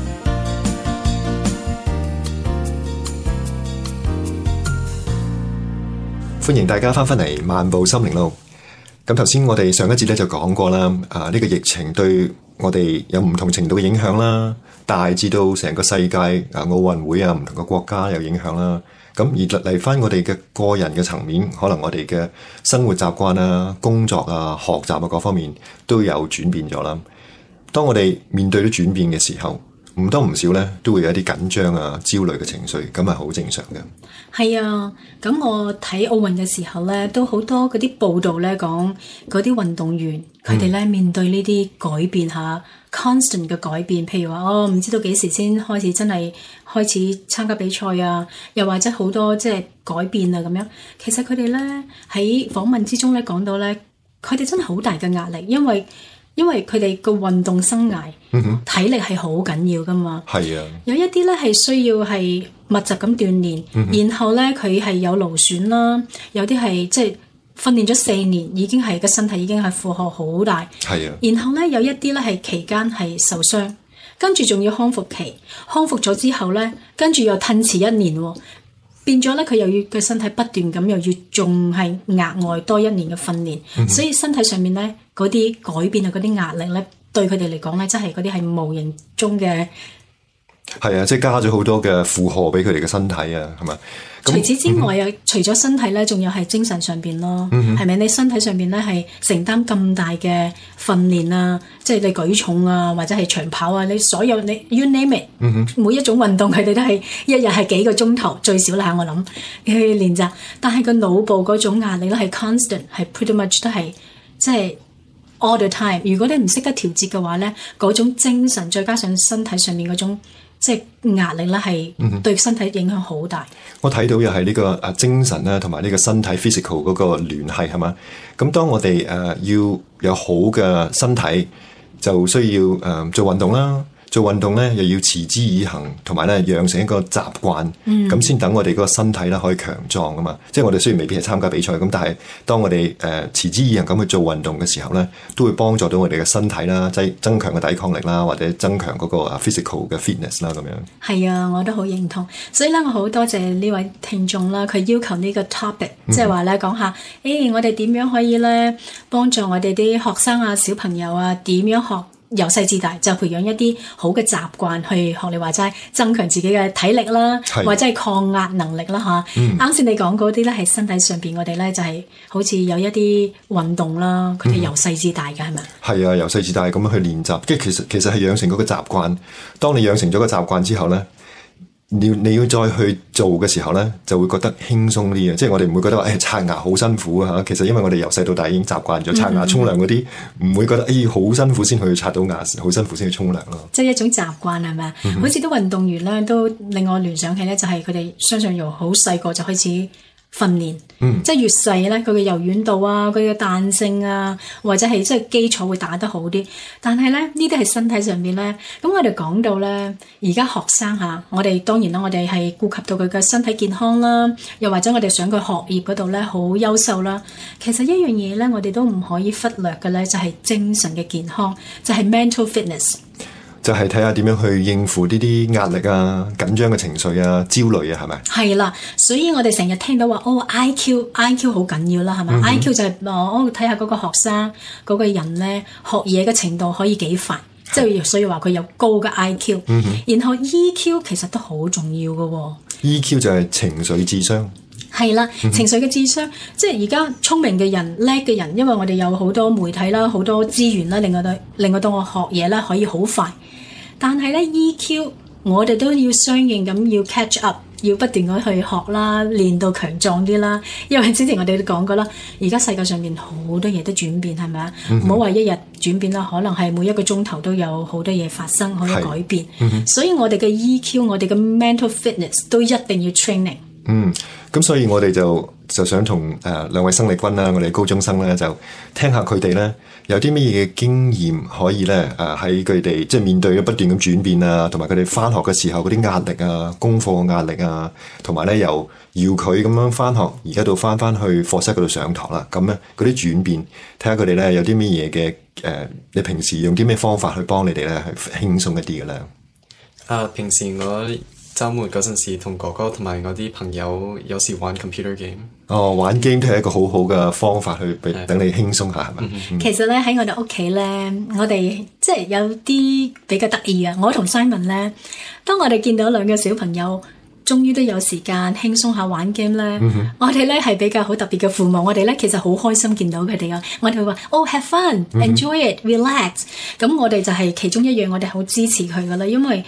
歡迎大家翻返嚟《漫步心靈路》。咁頭先，我哋上一節咧就講過啦。啊，呢、呢個疫情對我哋有唔同程度嘅影響啦，大致到成個世界啊，奧運會啊，唔同嘅國家有影響啦。咁、啊、而嚟翻我哋嘅個人嘅層面，可能我哋嘅生活習慣啦、工作啊、學習啊各方面都有轉變咗啦。當我哋面對咗轉變嘅時候，唔多唔少咧，都會有一啲緊張啊、焦慮嘅情緒，咁係好正常嘅。係啊，咁我睇奧運嘅時候咧，都好多嗰啲報道咧講嗰啲運動員佢哋咧面對呢啲改變嚇，嗯，constant 嘅改變，譬如話哦，唔知道幾時先開始真係開始參加比賽啊，又或者好多即係改變啊咁樣。其實佢哋咧喺訪問之中咧講到咧，佢哋真係好大嘅壓力，因為。因為佢哋個運動生涯，嗯哼，體力係好緊要噶嘛。係啊，有一啲咧係需要係密集咁鍛煉，然後咧佢係有勞損啦，有啲係即係訓練咗四年，已經係個身體已經係負荷好大。係啊，然後咧有一啲咧係期間係受傷，跟住仲要康復期，康復咗之後咧，跟住又褪遲一年。變咗咧，佢又要佢身體不斷咁又要仲係額外多一年嘅訓練，嗯、哼所以身體上面咧嗰啲改變啊，嗰啲壓力咧對佢哋嚟講咧，真係嗰啲係無形中嘅，係啊，即係加咗好多嘅負荷俾佢哋嘅身體啊，係咪？除此之外，有、嗯、哼除咗身體咧，仲有係精神上邊咯，係咪、嗯哼？你身體上邊咧係承擔咁大嘅訓練啊，即、就、係、是、你舉重啊，或者係長跑啊，你所有你，you name it、嗯、哼每一種運動佢哋都係一日係幾個鐘頭最少啦，我諗你去練咋。但係個腦部嗰種壓力咧係 constant，係 pretty much 都係即係 all the time。如果你唔識得調節嘅話咧，嗰種精神再加上身體上面嗰種。即係壓力咧，係對身體影響好大。我睇到又係呢個誒精神咧，同埋呢個身體 physical 嗰個聯繫係嘛。咁當我哋誒、呃、要有好嘅身體，就需要誒、呃、做運動啦。做運動咧，又要持之以恆，同埋咧養成一個習慣，咁先等我哋個身體啦可以強壯㗎嘛。即係我哋雖然未必係參加比賽，咁但係當我哋誒、呃、持之以恒咁去做運動嘅時候咧，都會幫助到我哋嘅身體啦，即增增強個抵抗力啦，或者增強嗰個 physical 嘅 fitness 啦，咁樣。係啊，我都好認同。所以咧，我好多謝呢位聽眾啦，佢要求個 topic、嗯、呢個 topic，即係話咧講下，誒、欸、我哋點樣可以咧幫助我哋啲學生啊、小朋友啊點樣學？由細至大就培養一啲好嘅習慣去學你話齋，增強自己嘅體力啦，的或者係抗壓能力啦嚇。啱先、嗯、你講嗰啲咧喺身體上邊、就是，我哋咧就係好似有一啲運動啦，佢哋由細至大嘅係咪？係啊、嗯，由細吧至大咁樣去練習，即係其實其實係養成嗰個習慣。當你養成咗個習慣之後咧。你你要再去做嘅時候呢，就會覺得輕鬆啲嘅，即係我哋唔會覺得話誒刷牙好辛苦啊嚇，其實因為我哋由細到大已經習慣咗刷牙、沖涼嗰啲，唔會覺得誒好辛苦先去刷到牙，好辛苦先去沖涼咯。即係一種習慣係咪？嗯嗯、好似啲運動員呢，都令我聯想起呢，就係佢哋相信由好細個就開始。訓練，即係越細咧，佢嘅柔軟度啊，佢嘅彈性啊，或者係即係基礎會打得好啲。但係咧，呢啲係身體上面咧。咁我哋講到咧，而家學生吓啊，我哋當然啦，我哋係顧及到佢嘅身體健康啦，又或者我哋想佢學業嗰度咧好優秀啦。其實一樣嘢咧，我哋都唔可以忽略嘅咧，就係精神嘅健康，就係 mental fitness。就係睇下點樣去應付呢啲壓力啊、緊張嘅情緒啊、焦慮啊，係咪？係啦，所以我哋成日聽到話哦，I Q I Q 好緊要啦，係咪？I Q 就係哦，睇下嗰個學生嗰個人咧學嘢嘅程度可以幾快，即係是所以話佢有高嘅 I Q，嗯哼。然後 E Q 其實都好重要噶喎、哦。E Q 就係情緒智商。係啦，情緒嘅智商，即係而家聰明嘅人、叻嘅人，因為我哋有好多媒體啦、好多資源啦，令我哋令我到我學嘢啦，可以好快。但係呢 EQ，我哋都要相應咁要 catch up，要不斷咁去學啦、練到強壯啲啦。因為之前我哋都講過啦，而家世界上面好多嘢都轉變，係咪啊？唔好話一日轉變啦，可能係每一個鐘頭都有好多嘢發生，可以的改變。 所以我哋嘅 EQ，我哋嘅 mental fitness 都一定要 training。嗯，咁所以我哋就就想同誒兩位生力軍啦，我哋高中生咧就聽下佢哋咧有啲咩嘢經驗可以咧誒喺佢哋即係面對不斷咁轉變啊，同埋佢哋翻學嘅時候嗰啲壓力啊，功課壓力啊，同埋咧又要佢咁樣翻學，而家到翻翻去課室嗰度上堂啦，咁咧嗰啲轉變，睇下佢哋咧有啲咩嘢嘅誒，你平時用啲咩方法去幫你哋咧去輕鬆一啲嘅咧？啊，平時我。周末嗰陣時，同哥哥同埋我啲朋友有時玩 computer game。哦，玩 game 都係一個好好嘅方法去俾等你輕鬆下，係咪、嗯哼？其實咧喺我哋屋企咧，我哋即係有啲比較得意啊。我同 Simon 咧，當我哋見到兩個小朋友終於都有時間輕鬆下玩 game 咧，嗯、哼我哋咧係比較好特別嘅父母。我哋咧其實好開心見到佢哋啊。我哋會話：哦、oh，have fun，enjoy it，relax。咁、嗯、哼我哋就係其中一樣，我哋好支持佢噶啦，因為。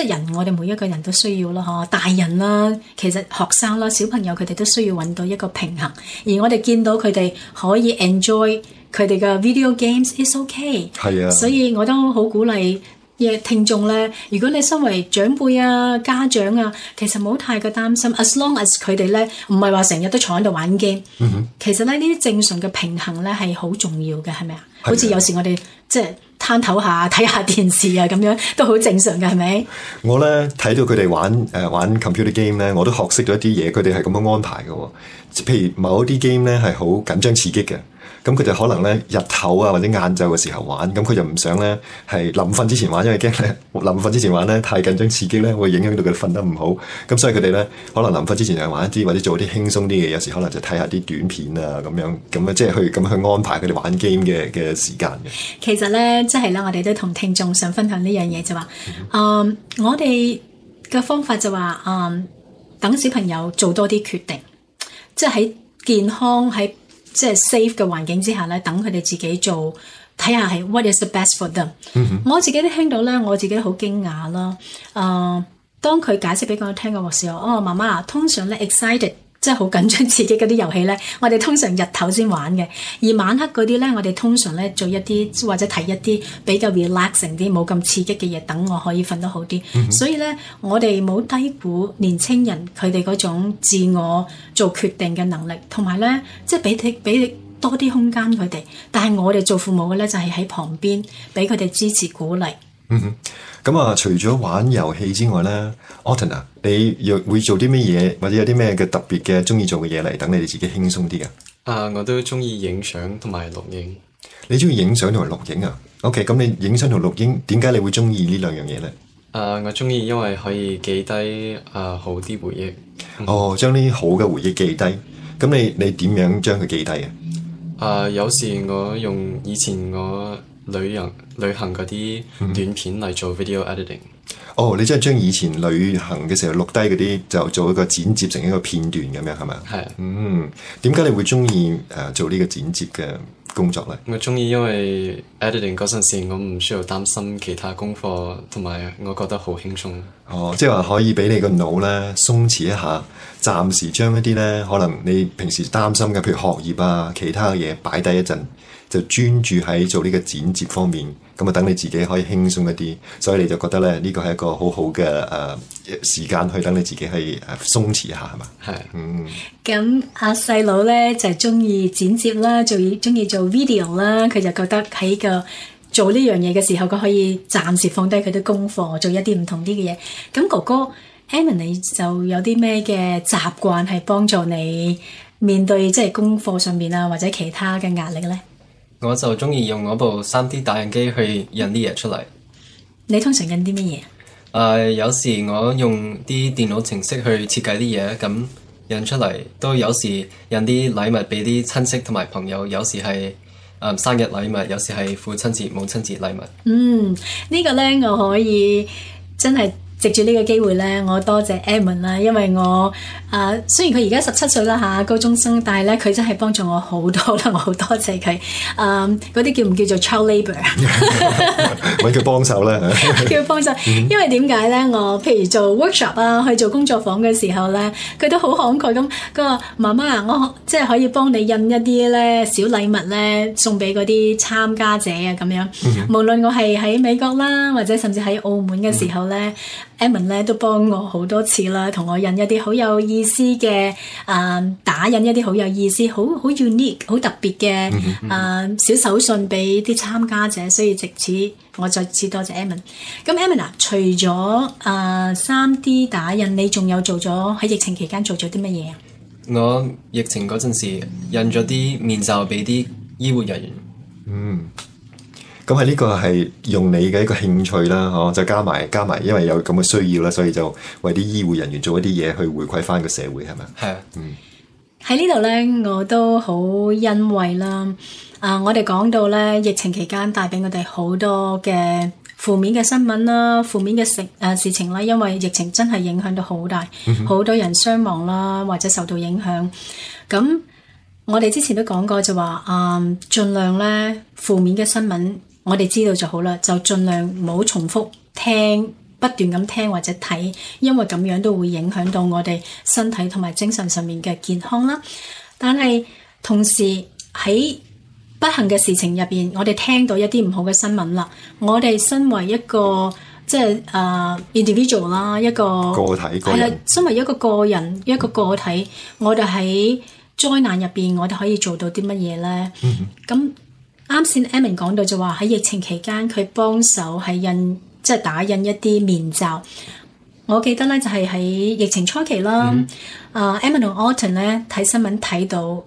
即係人，我哋每一個人都需要咯，吓大人啦，其實學生啦，小朋友佢哋都需要揾到一個平衡。而我哋見到佢哋可以 enjoy 佢哋嘅 video games，is okay. 係啊，所以我都好鼓勵。嘢、yeah, 聽眾咧，如果你身為長輩啊、家長啊，其實唔好太過擔心。As long as 佢哋咧，唔係話成日都坐喺度玩 game，、mm hmm. 其實咧呢啲正常嘅平衡咧係好重要嘅，係咪啊？的好似有時我哋即係攤唞下、睇下電視啊咁樣，都好正常嘅，係咪？我咧睇到佢哋玩誒、呃、玩 computer game 咧，我都學識咗一啲嘢。佢哋係咁樣安排嘅、哦，譬如某啲 game 咧係好緊張刺激嘅。咁佢就可能咧日頭啊或者晏晝嘅時候玩，咁佢就唔想咧係臨瞓之前玩，因為驚咧臨瞓之前玩咧太緊張刺激咧會影響到佢瞓得唔好。咁所以佢哋咧可能臨瞓之前就玩一啲或者做啲輕鬆啲嘅，有時可能就睇下啲短片啊咁樣，咁啊即係去咁去安排佢哋玩 game 嘅嘅時間嘅。其實咧即係咧我哋都同聽眾想分享呢樣嘢就話，嗯， um, 我哋嘅方法就話，是，嗯，um，等小朋友做多啲決定，即係喺健康喺。即係 safe 嘅環境之下咧，等佢哋自己做，睇下係 what is the best for them。Mm hmm. 我自己都聽到咧，我自己都好驚訝啦。誒、呃，當佢解釋俾我聽嘅時候，哦，媽媽啊，通常咧 excited。即係好緊張刺激嗰啲遊戲咧，我哋通常日頭先玩嘅，而晚黑嗰啲咧，我哋通常咧做一啲或者睇一啲比較 relax 啲、冇咁刺激嘅嘢，等我可以瞓得好啲。Mm hmm. 所以咧，我哋冇低估年青人佢哋嗰種自我做決定嘅能力，同埋咧即係俾啲俾多啲空間佢哋。但係我哋做父母嘅咧，就係、係、喺旁邊俾佢哋支持鼓勵。嗯哼，咁啊，除咗玩遊戲之外咧 Otten 啊，a a, 你又會做啲咩嘢，或者有啲咩嘅特別嘅中意做嘅嘢嚟等你哋自己輕鬆啲嘅？啊，我都中意影相同埋錄影。你中意影相同埋錄影啊？OK，咁你影相同錄影，點、okay, 解你，你會中意呢兩樣嘢咧？誒、啊，我中意因為可以記低誒、啊、好啲回憶。 哦，將啲好嘅回憶記低。咁你你點樣將佢記低啊？誒，有時我用以前我旅遊。旅行嗰啲短片嚟做 video editing。哦，你真係將以前旅行嘅時候錄低嗰啲，就做一個剪接成一個片段咁樣，係咪？係。嗯，點解你會中意誒做呢個剪接嘅工作咧？我中意因為 editing 嗰陣時，我唔需要擔心其他功課，同埋我覺得好輕鬆。哦，即係話可以俾你個腦咧鬆弛一下，暫時將一啲咧可能你平時擔心嘅，譬如學業啊，其他嘅嘢擺低一陣，就專注喺做呢個剪接方面。咁啊，等你自己可以輕鬆一啲，所以你就覺得咧，呢個係一個好好嘅誒時間，去等你自己去鬆弛一下，係嘛的？係。嗯。咁阿細佬咧就中、是、意剪接啦，做中意做 video 啦，佢就覺得喺、這個做呢樣嘢嘅時候，佢可以暫時放低佢啲功課，做一啲唔同啲嘅嘢。咁哥哥 e m a n 你就有啲咩嘅習慣係幫助你面對即係、就是、功課上面啊或者其他嘅壓力咧？我就中意用我部三 D 打印機去印啲嘢出嚟。你通常印啲乜嘢？誒、呃，有時我用啲電腦程式去設計啲嘢，咁印出嚟，都有時印啲禮物俾啲親戚同埋朋友，有時係誒、嗯、生日禮物，有時係父親節、母親節禮物。嗯，這個、呢個咧我可以真係。藉住呢個機會咧，我多謝 e m m n 啦，因為我啊、呃、雖然佢而家十七歲啦嚇，高中生，但係咧佢真係幫助我好多啦，我好多謝佢。誒，嗰啲叫唔叫做 child labor 揾佢幫手咧？ 叫佢幫手，因為點解咧？我譬如做 workshop 啊，去做工作坊嘅時候咧，佢都好慷慨咁，嗰個媽媽啊，我即係可以幫你印一啲咧小禮物咧，送俾嗰啲參加者啊咁樣。 無論我係喺美國啦，或者甚至喺澳門嘅時候咧。 e m a n 咧都幫我好多次啦，同我印一啲好有意思嘅，啊、呃，打印一啲好有意思、好好 unique、好 un 特別嘅，啊、 呃，小手信俾啲參加者。所以直至我再次多謝 e m a n。咁 e m a n 啊，除咗啊、呃、3D 打印，你仲有做咗喺疫情期間做咗啲乜嘢啊？我疫情嗰陣時印咗啲面罩俾啲醫護人員。嗯。咁係呢個係用你嘅一個興趣啦，嗬，就加埋加埋，因為有咁嘅需要啦，所以就為啲醫護人員做一啲嘢去回饋翻個社會，係咪啊？係啊，喺呢度咧，我都好欣慰啦。啊、呃，我哋講到咧，疫情期間帶俾我哋好多嘅負面嘅新聞啦，負面嘅事誒事情啦，因為疫情真係影響到好大，好 多人傷亡啦，或者受到影響。咁我哋之前都講過就，就話啊，盡量咧負面嘅新聞。我哋知道就好啦，就盡量唔好重複聽，不斷咁聽或者睇，因為咁樣都會影響到我哋身體同埋精神上面嘅健康啦。但係同時喺不幸嘅事情入邊，我哋聽到一啲唔好嘅新聞啦。我哋身為一個即係誒 individual 啦，一個個體係啦，身為一個個人一個個體，我哋喺災難入邊，我哋可以做到啲乜嘢呢？咁。啱先 Emin 講到就話喺疫情期間，佢幫手係印即係打印一啲面罩。我記得咧就係、是、喺疫情初期啦。啊 Emin 同 Autumn 咧睇新聞睇到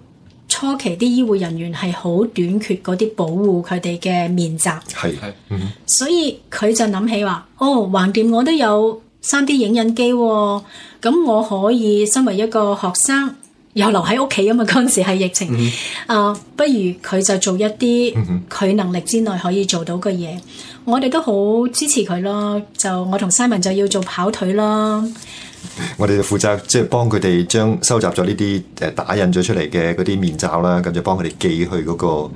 初期啲醫護人員係好短缺嗰啲保護佢哋嘅面罩。係係是，嗯、所以佢就諗起話：哦，橫掂我都有 3D 影印機、哦，咁我可以身為一個學生。又留喺屋企啊嘛！嗰陣時係疫情，mm hmm. 啊，不如佢就做一啲佢能力之內可以做到嘅嘢。我哋都好支持佢咯。就我同 Simon 就要做跑腿啦。我哋就負責即係幫佢哋將收集咗呢啲誒，打印咗出嚟嘅嗰啲面罩啦，跟住幫佢哋寄去嗰、嗰個誒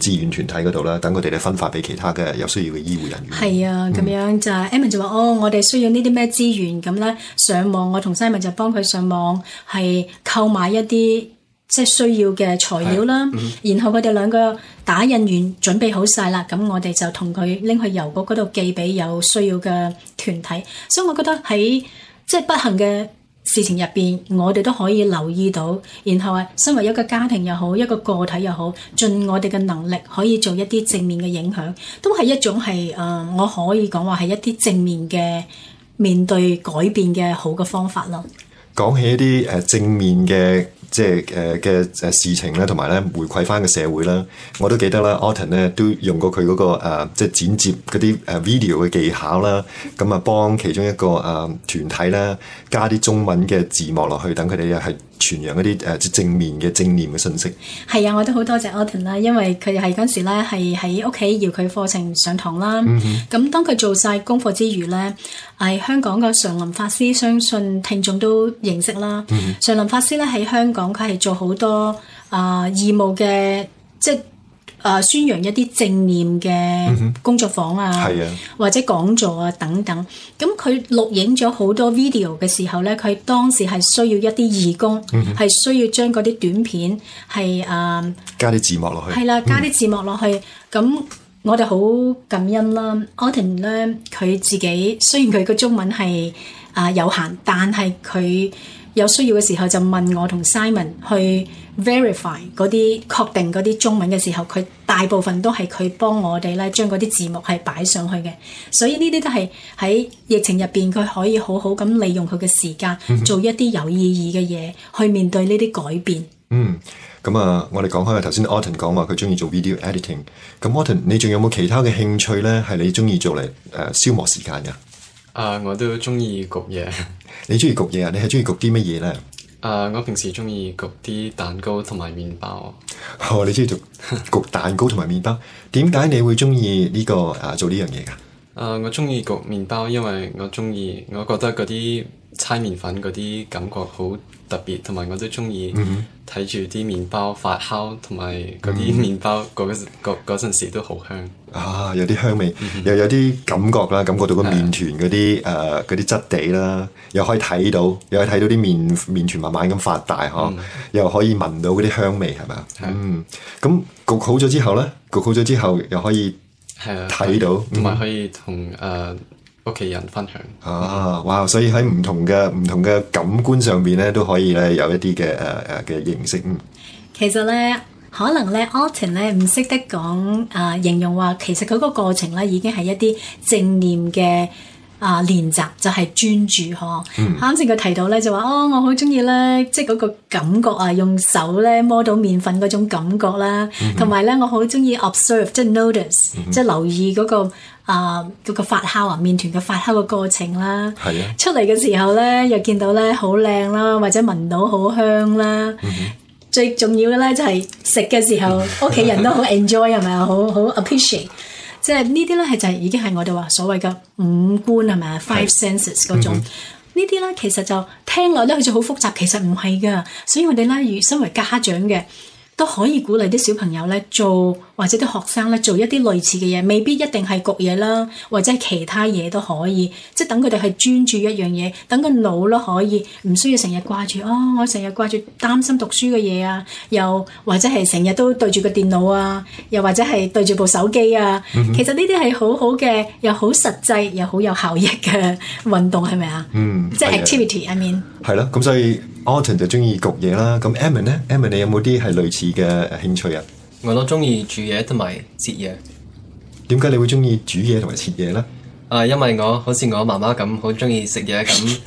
志願團體嗰度啦，等佢哋咧分發俾其他嘅有需要嘅醫護人員。係啊，咁樣就係，Emin 就話哦，我哋需要資呢啲咩資源咁咧，上網我同 Simon 就幫佢上網係購買一啲即係需要嘅材料啦。啊嗯、然後佢哋兩個打印完準備好晒啦，咁我哋就同佢拎去郵局嗰度寄俾有需要嘅團體。所以我覺得喺即係不幸嘅事情入邊，我哋都可以留意到，然後啊，身為一個家庭又好，一個個體又好，盡我哋嘅能力可以做一啲正面嘅影響，都係一種係誒，我可以講話係一啲正面嘅面對改變嘅好嘅方法咯。講起一啲誒正面嘅。即係誒嘅誒事情咧，同埋咧回饋翻個社會啦，我都記得啦。Autumn 咧都用過佢嗰、那個、呃、即係剪接嗰啲誒 video 嘅技巧啦，咁啊幫其中一個誒團、呃、體啦加啲中文嘅字幕落去，等佢哋係。傳揚一啲誒即正面嘅正念嘅信息。係啊，我都好多謝 Alton 啦，因為佢係嗰陣時咧係喺屋企搖佢課程上堂啦。咁、嗯、哼當佢做晒功課之餘咧，係香港個常林法師，相信聽眾都認識啦。嗯、哼常林法師咧喺香港，佢係做好多啊義務嘅即。誒、uh, 宣揚一啲正念嘅工作坊啊，mm hmm. 或者講座啊等等。咁佢錄影咗好多 video 嘅時候咧，佢當時係需要一啲義工，係、mm hmm. 需要將嗰啲短片係誒、uh, 加啲字幕落去。係啦，加啲字幕落去。咁、mm hmm. 我哋好感恩啦。Autumn 咧，佢自己雖然佢嘅中文係啊、uh, 有限，但係佢有需要嘅時候就問我同 Simon 去 Verify 嗰啲，確定嗰啲中文嘅時候，佢大部分都係佢幫我哋咧將嗰啲字幕係擺上去嘅，所以呢啲都係喺疫情入邊，佢可以好好咁利用佢嘅時間做一啲有意義嘅嘢去面對呢啲改變。嗯，咁啊，我哋講開頭先，Autumn 講話佢中意做 video editing，咁 Autumn 你仲有冇其他嘅興趣咧？係你中意做嚟誒消磨時間嘅？啊、uh, 我都中意焗嘢。你中意焗嘢啊？你係中意焗啲乜嘢咧？誒，uh, 我平時中意焗啲蛋糕同埋麵包。哦，oh, 你中意焗蛋糕同埋麵包？點解 你會中意呢個誒、啊、做呢樣嘢噶？誒，uh, 我中意焗麵包，因為我中意，我覺得嗰啲猜麵粉嗰啲感覺好特別，同埋我都中意睇住啲麵包發酵，同埋嗰啲麵包嗰嗰嗰陣時都好香。啊，有啲香味，嗯、哼又有啲感覺啦，感覺到個麵團嗰啲誒啲質地啦，又可以睇到，又可以睇到啲麵麵團慢慢咁發大呵，嗯、又可以聞到嗰啲香味係咪啊？的嗯，咁焗好咗之後咧，焗好咗之後又可以睇到，同埋、嗯、可以同誒屋企人分享。啊，哇！所以喺唔同嘅唔同嘅感官上邊咧，都可以咧有一啲嘅誒誒嘅認識。嗯，其實咧。可能咧，Alton 咧唔識得講啊、呃，形容話其實嗰個過程咧已經係一啲正念嘅啊練習，就係、是、專注呵。啱先佢提到咧就話哦，我好中意咧，即係嗰個感覺啊，用手咧摸到麵粉嗰種感覺啦，同埋咧我好中意 observe 即係 notice、嗯嗯、即係留意嗰、那個啊嗰、呃那個發酵啊麵團嘅發酵嘅過程啦。係啊的！出嚟嘅時候咧又見到咧好靚啦，或者聞到好香啦。最重要咧就係食嘅時候，屋企人都好 enjoy 係咪啊？好好 appreciate，即係呢啲咧就已經係我哋話所謂嘅五官係咪啊？five senses 嗰種 這些呢啲咧其實就聽落咧佢就好複雜，其實唔係㗎，所以我哋咧如身為家長嘅都可以鼓勵啲小朋友咧做。或者啲學生咧做一啲類似嘅嘢，未必一定係焗嘢啦，或者係其他嘢都可以。即係等佢哋係專注一樣嘢，等個腦咯可以唔需要成日掛住。哦，我成日掛住擔心讀書嘅嘢啊，又或者係成日都對住個電腦啊，又或者係對住部手機啊。嗯嗯，其實呢啲係好好嘅，又好實際，又好有效益嘅運動，係咪啊？嗯，即係 activity，I mean。係咯，咁所以 Alton 就中意焗嘢啦。咁 Emma 咧，Emma 你有冇啲係類似嘅興趣啊？我都中意煮嘢同埋切嘢。點解你會中意煮嘢同埋切嘢呢？啊，因為我好似我媽媽咁，好中意食嘢咁。誒、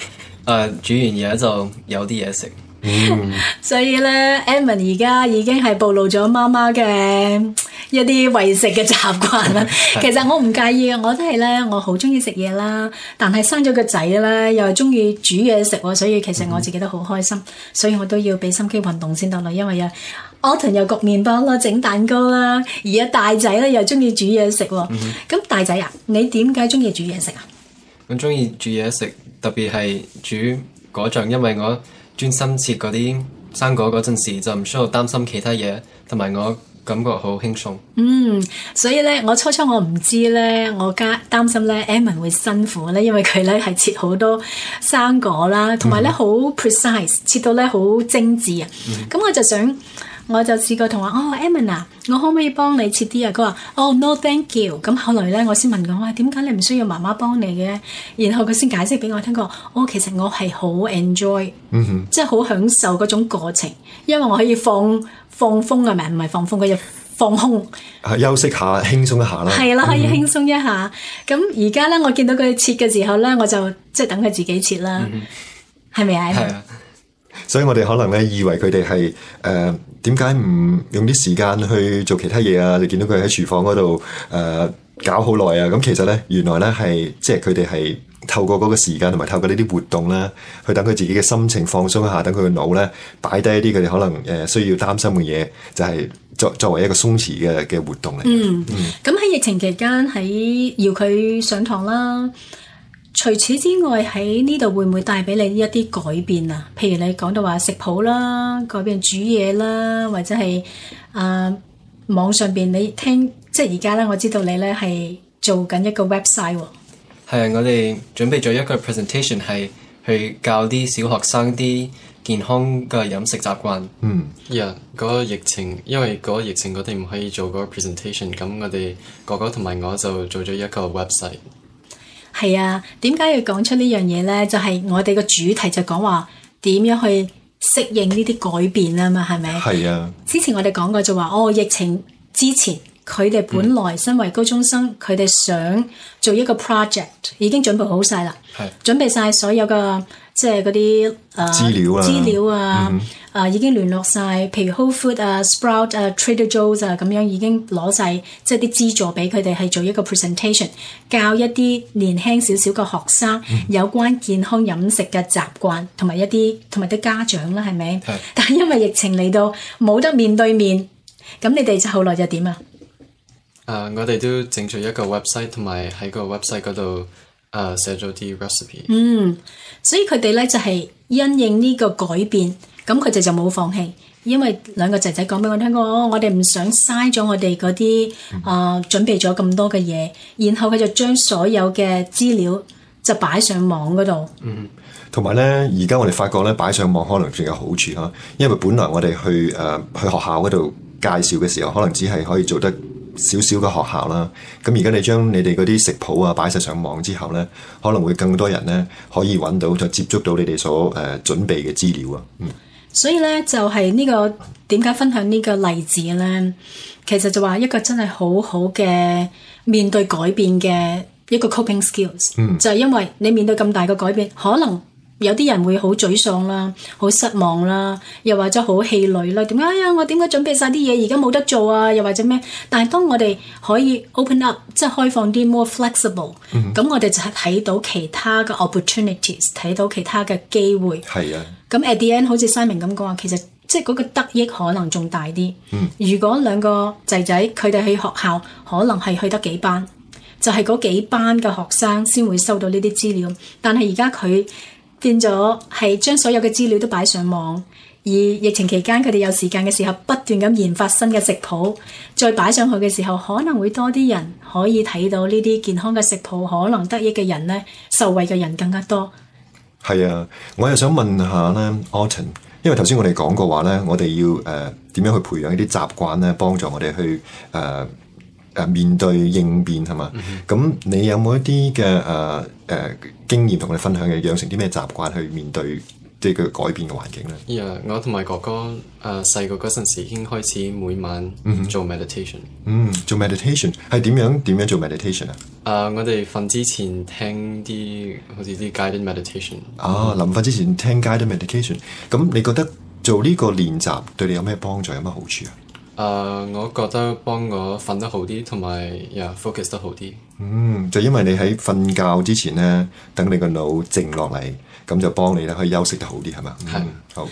啊，煮完嘢就有啲嘢食。嗯、 所以呢 Emman 而家已經係暴露咗媽媽嘅一啲餵食嘅習慣啦。其實我唔介意，我都係呢。我好中意食嘢啦。但係生咗個仔咧，又係中意煮嘢食，所以其實我自己都好開心。嗯嗯、所以我都要俾心機運動先得啦，因為啊。我成日焗麵包啦，整蛋糕啦，而家大仔咧又中意煮嘢食。咁、嗯、哼大仔啊，你點解中意煮嘢食啊？我中意煮嘢食，特別係煮果醬，因為我專心切嗰啲生果嗰陣時，就唔需要擔心其他嘢，同埋我感覺好輕鬆。嗯，所以咧，我初初我唔知咧，我家擔心咧，Emma 會辛苦咧，因為佢咧係切好多生果啦，同埋咧好 precise，切到咧好精致啊。咁我就想。我就試過同話哦 Emma、啊、我可唔可以幫你切啲啊？佢話哦，no，thank you。咁後來咧，我先問佢，我話點解你唔需要媽媽幫你嘅？然後佢先解釋俾我聽過。哦，其實我係好 enjoy，即係好享受嗰、嗯、哼種過程，因為我可以放放風啊，咪，唔係放風，佢就放，放空，休息下，輕鬆一下啦。係啦，可以輕鬆一下。咁而家咧，我見到佢切嘅時候咧，我就即係等佢自己切啦。係咪啊？嗯哼係啊。所以我哋可能咧，以為佢哋係誒，點解唔用啲時間去做其他嘢啊？你見到佢喺廚房嗰度誒，搞好耐啊！咁、嗯、其實咧，原來咧係即係佢哋係透過嗰個時間同埋透過呢啲活動咧，去等佢自己嘅心情放鬆一下，等佢嘅腦咧擺低一啲，佢哋可能誒需要擔心嘅嘢，就係、是、作作為一個鬆弛嘅嘅活動嚟。嗯，咁喺、嗯、疫情期間，喺要佢上堂啦。除此之外，喺呢度會唔會帶俾你一啲改變啊？譬如你講到話食譜啦，改變煮嘢啦，或者係啊、呃、網上邊你聽，即係而家咧，我知道你咧係做緊一個 website，喔。係啊，我哋準備咗一個 presentation，係去教啲小學生啲健康嘅飲食習慣。嗯，而、yeah, 疫情，因為嗰個疫情，我哋唔可以做嗰個 presentation。咁我哋哥哥同埋我就做咗一個 website。係啊，點解要講出這呢樣嘢咧？就係、是、我哋個主題就講話點樣去適應呢啲改變是是啊嘛，係咪？係啊。之前我哋講過就話，哦，疫情之前。佢哋本來身為高中生，佢哋想做一個 project，已經準備好晒啦，準備晒所有嘅即係嗰啲資料啊，資料啊，嗯、啊已經聯絡晒，譬如 Whole Food、uh, out, uh, ules, 啊、Sprout 啊、Trader Joe's 啊咁樣已經攞晒，即係啲資助俾佢哋係做一個 presentation，教一啲年輕少少嘅學生有關健康飲食嘅習慣同埋、嗯、一啲同埋啲家長啦，係咪？是 但係因為疫情嚟到冇得面對面，咁你哋就後來就點啊？誒，uh, 我哋都整咗一個 website，同埋喺個 website 嗰度誒寫咗啲 recipe。嗯，所以佢哋咧就係、是、因應呢個改變，咁佢哋就冇放棄，因為兩個仔仔講俾我聽過，我哋唔想嘥咗我哋嗰啲誒準備咗咁多嘅嘢，然後佢就將所有嘅資料就擺上網嗰度。嗯，同埋咧，而家我哋發覺咧，擺上網可能仲有好處吓，因為本來我哋去誒、呃、去學校嗰度介紹嘅時候，可能只係可以做得。少少嘅學校啦，咁而家你將你哋嗰啲食譜啊擺晒上網之後呢，可能會更多人呢可以揾到就接觸到你哋所誒、呃、準備嘅資料啊。嗯，所以呢，就係、是、呢、呢個點解分享呢個例子呢？其實就話一個真係好好嘅面對改變嘅一個 coping skills，、嗯、就係因為你面對咁大嘅改變，可能，有啲人會好沮喪啦，好失望啦，又或者好氣餒啦，點解、哎、呀！我點解準備晒啲嘢而家冇得做啊？又或者咩？但係當我哋可以 open up，即係開放啲 more flexible，咁、嗯、我哋就係睇到其他嘅 opportunities，睇到其他嘅機會。係啊。咁 at the end 好似 Simon 咁講啊，其實即係嗰個得益可能仲大啲。嗯、如果兩個仔仔佢哋去學校，可能係去得幾班，就係、是、嗰幾班嘅學生先會收到呢啲資料。但係而家佢。變咗係將所有嘅資料都擺上網，而疫情期間佢哋有時間嘅時候，不斷咁研發新嘅食譜，再擺上去嘅時候，可能會多啲人可以睇到呢啲健康嘅食譜，可能得益嘅人呢，受惠嘅人更加多。係啊，我又想問下呢 Alton，因為頭先我哋講過話呢，我哋要誒點、呃、樣去培養一啲習慣呢，幫助我哋去誒。呃誒，面對應變係嘛？咁、mm hmm. 你有冇一啲嘅誒誒經驗同我哋分享嘅？養成啲咩習慣去面對即係佢改變嘅環境咧？呀，yeah, 我同埋哥哥誒細個嗰陣時已經開始每晚做 meditation、mm。嗯、hmm. mm，hmm. 做 meditation 係點樣點樣做 meditation 啊？誒，uh, 我哋瞓之前聽啲好似啲 guided meditation、oh, mm。哦，臨瞓之前聽 guided meditation。咁你覺得做呢個練習對你有咩幫助？有乜好處啊？誒，uh, 我覺得幫我瞓得好啲，同埋 focus 得好啲。嗯，就因為你喺瞓覺之前呢，等你個腦靜落嚟，咁就幫你咧可以休息得好啲，係嘛？係的好。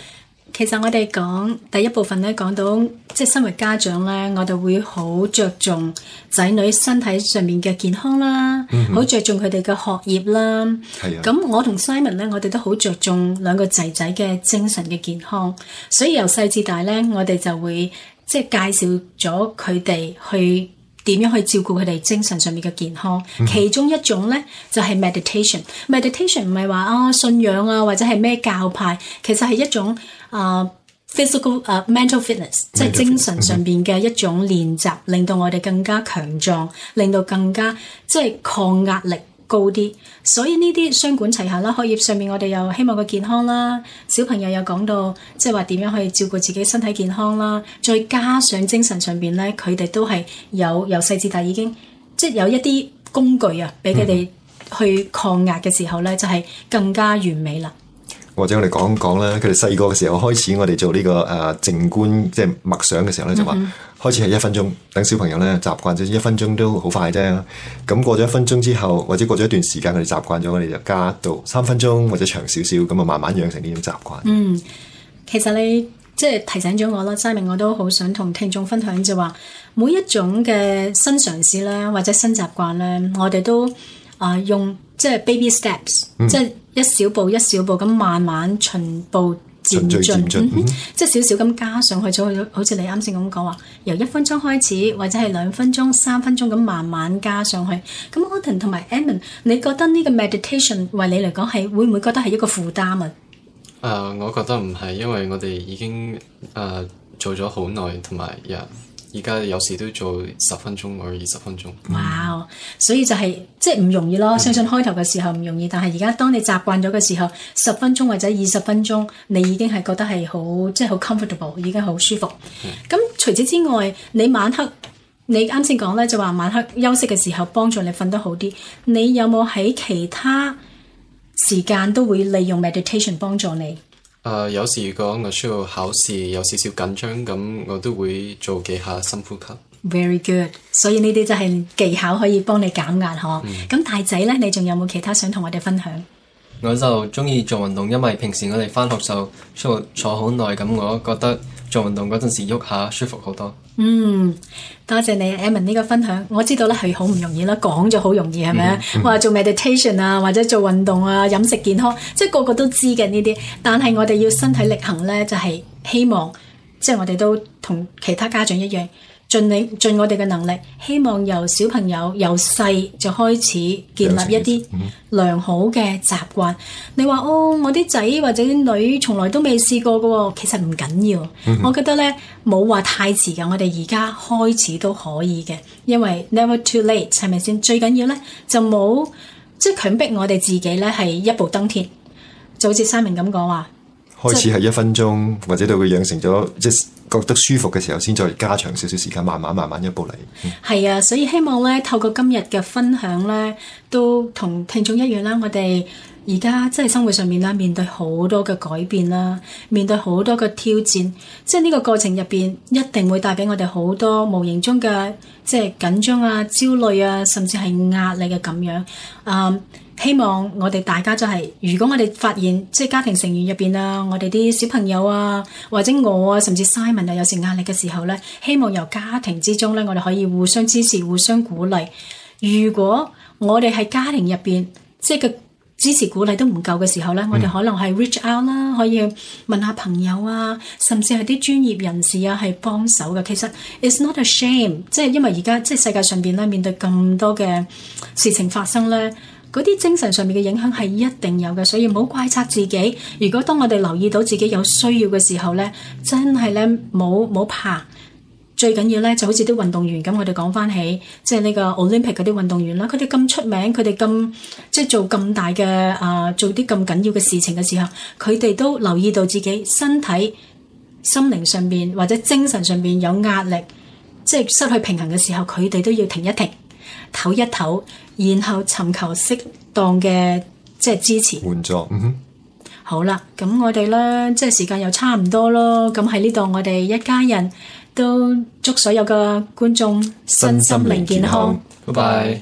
其實我哋講第一部分咧，講到即係身為家長咧，我就會好着重仔女身體上面嘅健康啦，好着、嗯嗯、重佢哋嘅學業啦。係啊的。咁我同 Simon 咧，我哋都好着重兩個仔仔嘅精神嘅健康，所以由細至大咧，我哋就會。即係介紹咗佢哋去點樣去照顧佢哋精神上面嘅健康，其中一種咧就係 meditation。meditation 唔係話啊信仰啊或者係咩教派，其實係一種啊、uh, physical 啊、uh, mental fitness，即係精神上邊嘅一種練習，令到我哋更加強壯，令到更加即係抗壓力。高啲，所以呢啲雙管齊下啦。開業上面我哋又希望佢健康啦，小朋友又講到即係話點樣去照顧自己身體健康啦，再加上精神上面咧，佢哋都係有由細至大已經即係有一啲工具啊，俾佢哋去抗壓嘅時候咧，就係、是、更加完美啦。或者我哋講講啦，佢哋細個嘅時候開始我、這個，我哋做呢個誒靜觀即係默想嘅時候咧，就話，嗯嗯開始係一分鐘，等小朋友咧習慣咗，一分鐘都好快啫。咁過咗一分鐘之後，或者過咗一段時間，佢哋習慣咗，我哋就加到三分鐘，或者長少少，咁啊慢慢養成呢種習慣。嗯，其實你即係提醒咗我咯，Simon 我都好想同聽眾分享就話，每一種嘅新嘗試啦，或者新習慣咧，我哋都啊、呃、用即係 baby steps、嗯、即係一小步一小步咁慢慢循步漸進，嗯、即係少少咁加上去咗，好似你啱先咁講話，由一分鐘開始，或者係兩分鐘、三分鐘咁慢慢加上去。咁阿 ton 同埋 e m a n 你覺得呢個 meditation 為你嚟講係會唔會覺得係一個負擔啊？誒，uh, 我覺得唔係，因為我哋已經誒、uh, 做咗好耐，同埋又。Yeah. 而家有時都要做十分鐘或者二十分鐘。哇！Wow, 所以就係即係唔容易咯。相信開頭嘅時候唔容易，嗯、但係而家當你習慣咗嘅時候，十分鐘或者二十分鐘，你已經係覺得係好即係好 comfortable，已經好舒服。咁、嗯、除此之外，你晚黑你啱先講咧，就話晚黑休息嘅時候幫助你瞓得好啲。你有冇喺其他時間都會利用 meditation 幫助你？誒，uh, 有時如果我需要考試，有少少緊張咁，我都會做幾下深呼吸。Very good，所以呢啲就係技巧可以幫你減壓嗬，咁、mm. 大仔呢，你仲有冇其他想同我哋分享？我就中意做運動，因為平時我哋翻學就需要坐好耐，咁我覺得。做運動嗰陣時喐下舒服好多。嗯，多謝你 e m a n 呢個分享，我知道咧係好唔容易啦，講咗好容易係咪啊？話 做 meditation 啊，或者做運動啊，飲食健康，即係個個都知嘅呢啲，但係我哋要身體力行咧，就係、是、希望，即係我哋都同其他家長一樣。盡力盡，盡我哋嘅能力，希望由小朋友由細就開始建立一啲良好嘅習慣。 你話哦，我啲仔或者啲女從來都未試過㗎喎、哦，其實唔緊要。 我覺得咧冇話太遲嘅，我哋而家開始都可以嘅，因為 never too late，係咪先？最緊要咧就冇即係強迫我哋自己咧係一步登天，就好似三明咁講話。開始係一分鐘，即或者到佢養成咗，即係覺得舒服嘅時候，先再加長少少時間，慢慢慢慢一步嚟。係啊，所以希望咧，透過今日嘅分享咧，都同聽眾一樣啦，我哋。而家真係生活上面啦，面對好多嘅改變啦，面對好多嘅挑戰，即係呢個過程入邊一定會帶俾我哋好多無形中嘅即係緊張啊、焦慮啊，甚至係壓力嘅咁樣。嗯，希望我哋大家就係，如果我哋發現即係家庭成員入邊啊，我哋啲小朋友啊，或者我啊，甚至 Simon 啊，有時壓力嘅時候呢，希望由家庭之中呢，我哋可以互相支持、互相鼓勵。如果我哋喺家庭入邊即係支持鼓勵都唔夠嘅時候呢、嗯、我哋可能係 reach out 啦，可以問下朋友啊，甚至係啲專業人士啊，係幫手嘅。其實 it's not a shame，即係因為而家即係世界上邊咧面對咁多嘅事情發生呢，嗰啲精神上面嘅影響係一定有嘅，所以唔好怪責自己。如果當我哋留意到自己有需要嘅時候呢，真係呢，冇冇怕。最緊要咧，就好似啲運動員咁，我哋講翻起，即係呢個奧林匹克嗰啲運動員啦。佢哋咁出名，佢哋咁即係做咁大嘅啊，做啲咁緊要嘅事情嘅時候，佢哋都留意到自己身體、心靈上邊或者精神上邊有壓力，即係失去平衡嘅時候，佢哋都要停一停、唞一唞，然後尋求適當嘅即係支持。援助。嗯哼。好啦，咁我哋咧，即係時間又差唔多咯。咁喺呢度，我哋一家人，都祝所有嘅觀眾身心靈健康，拜拜。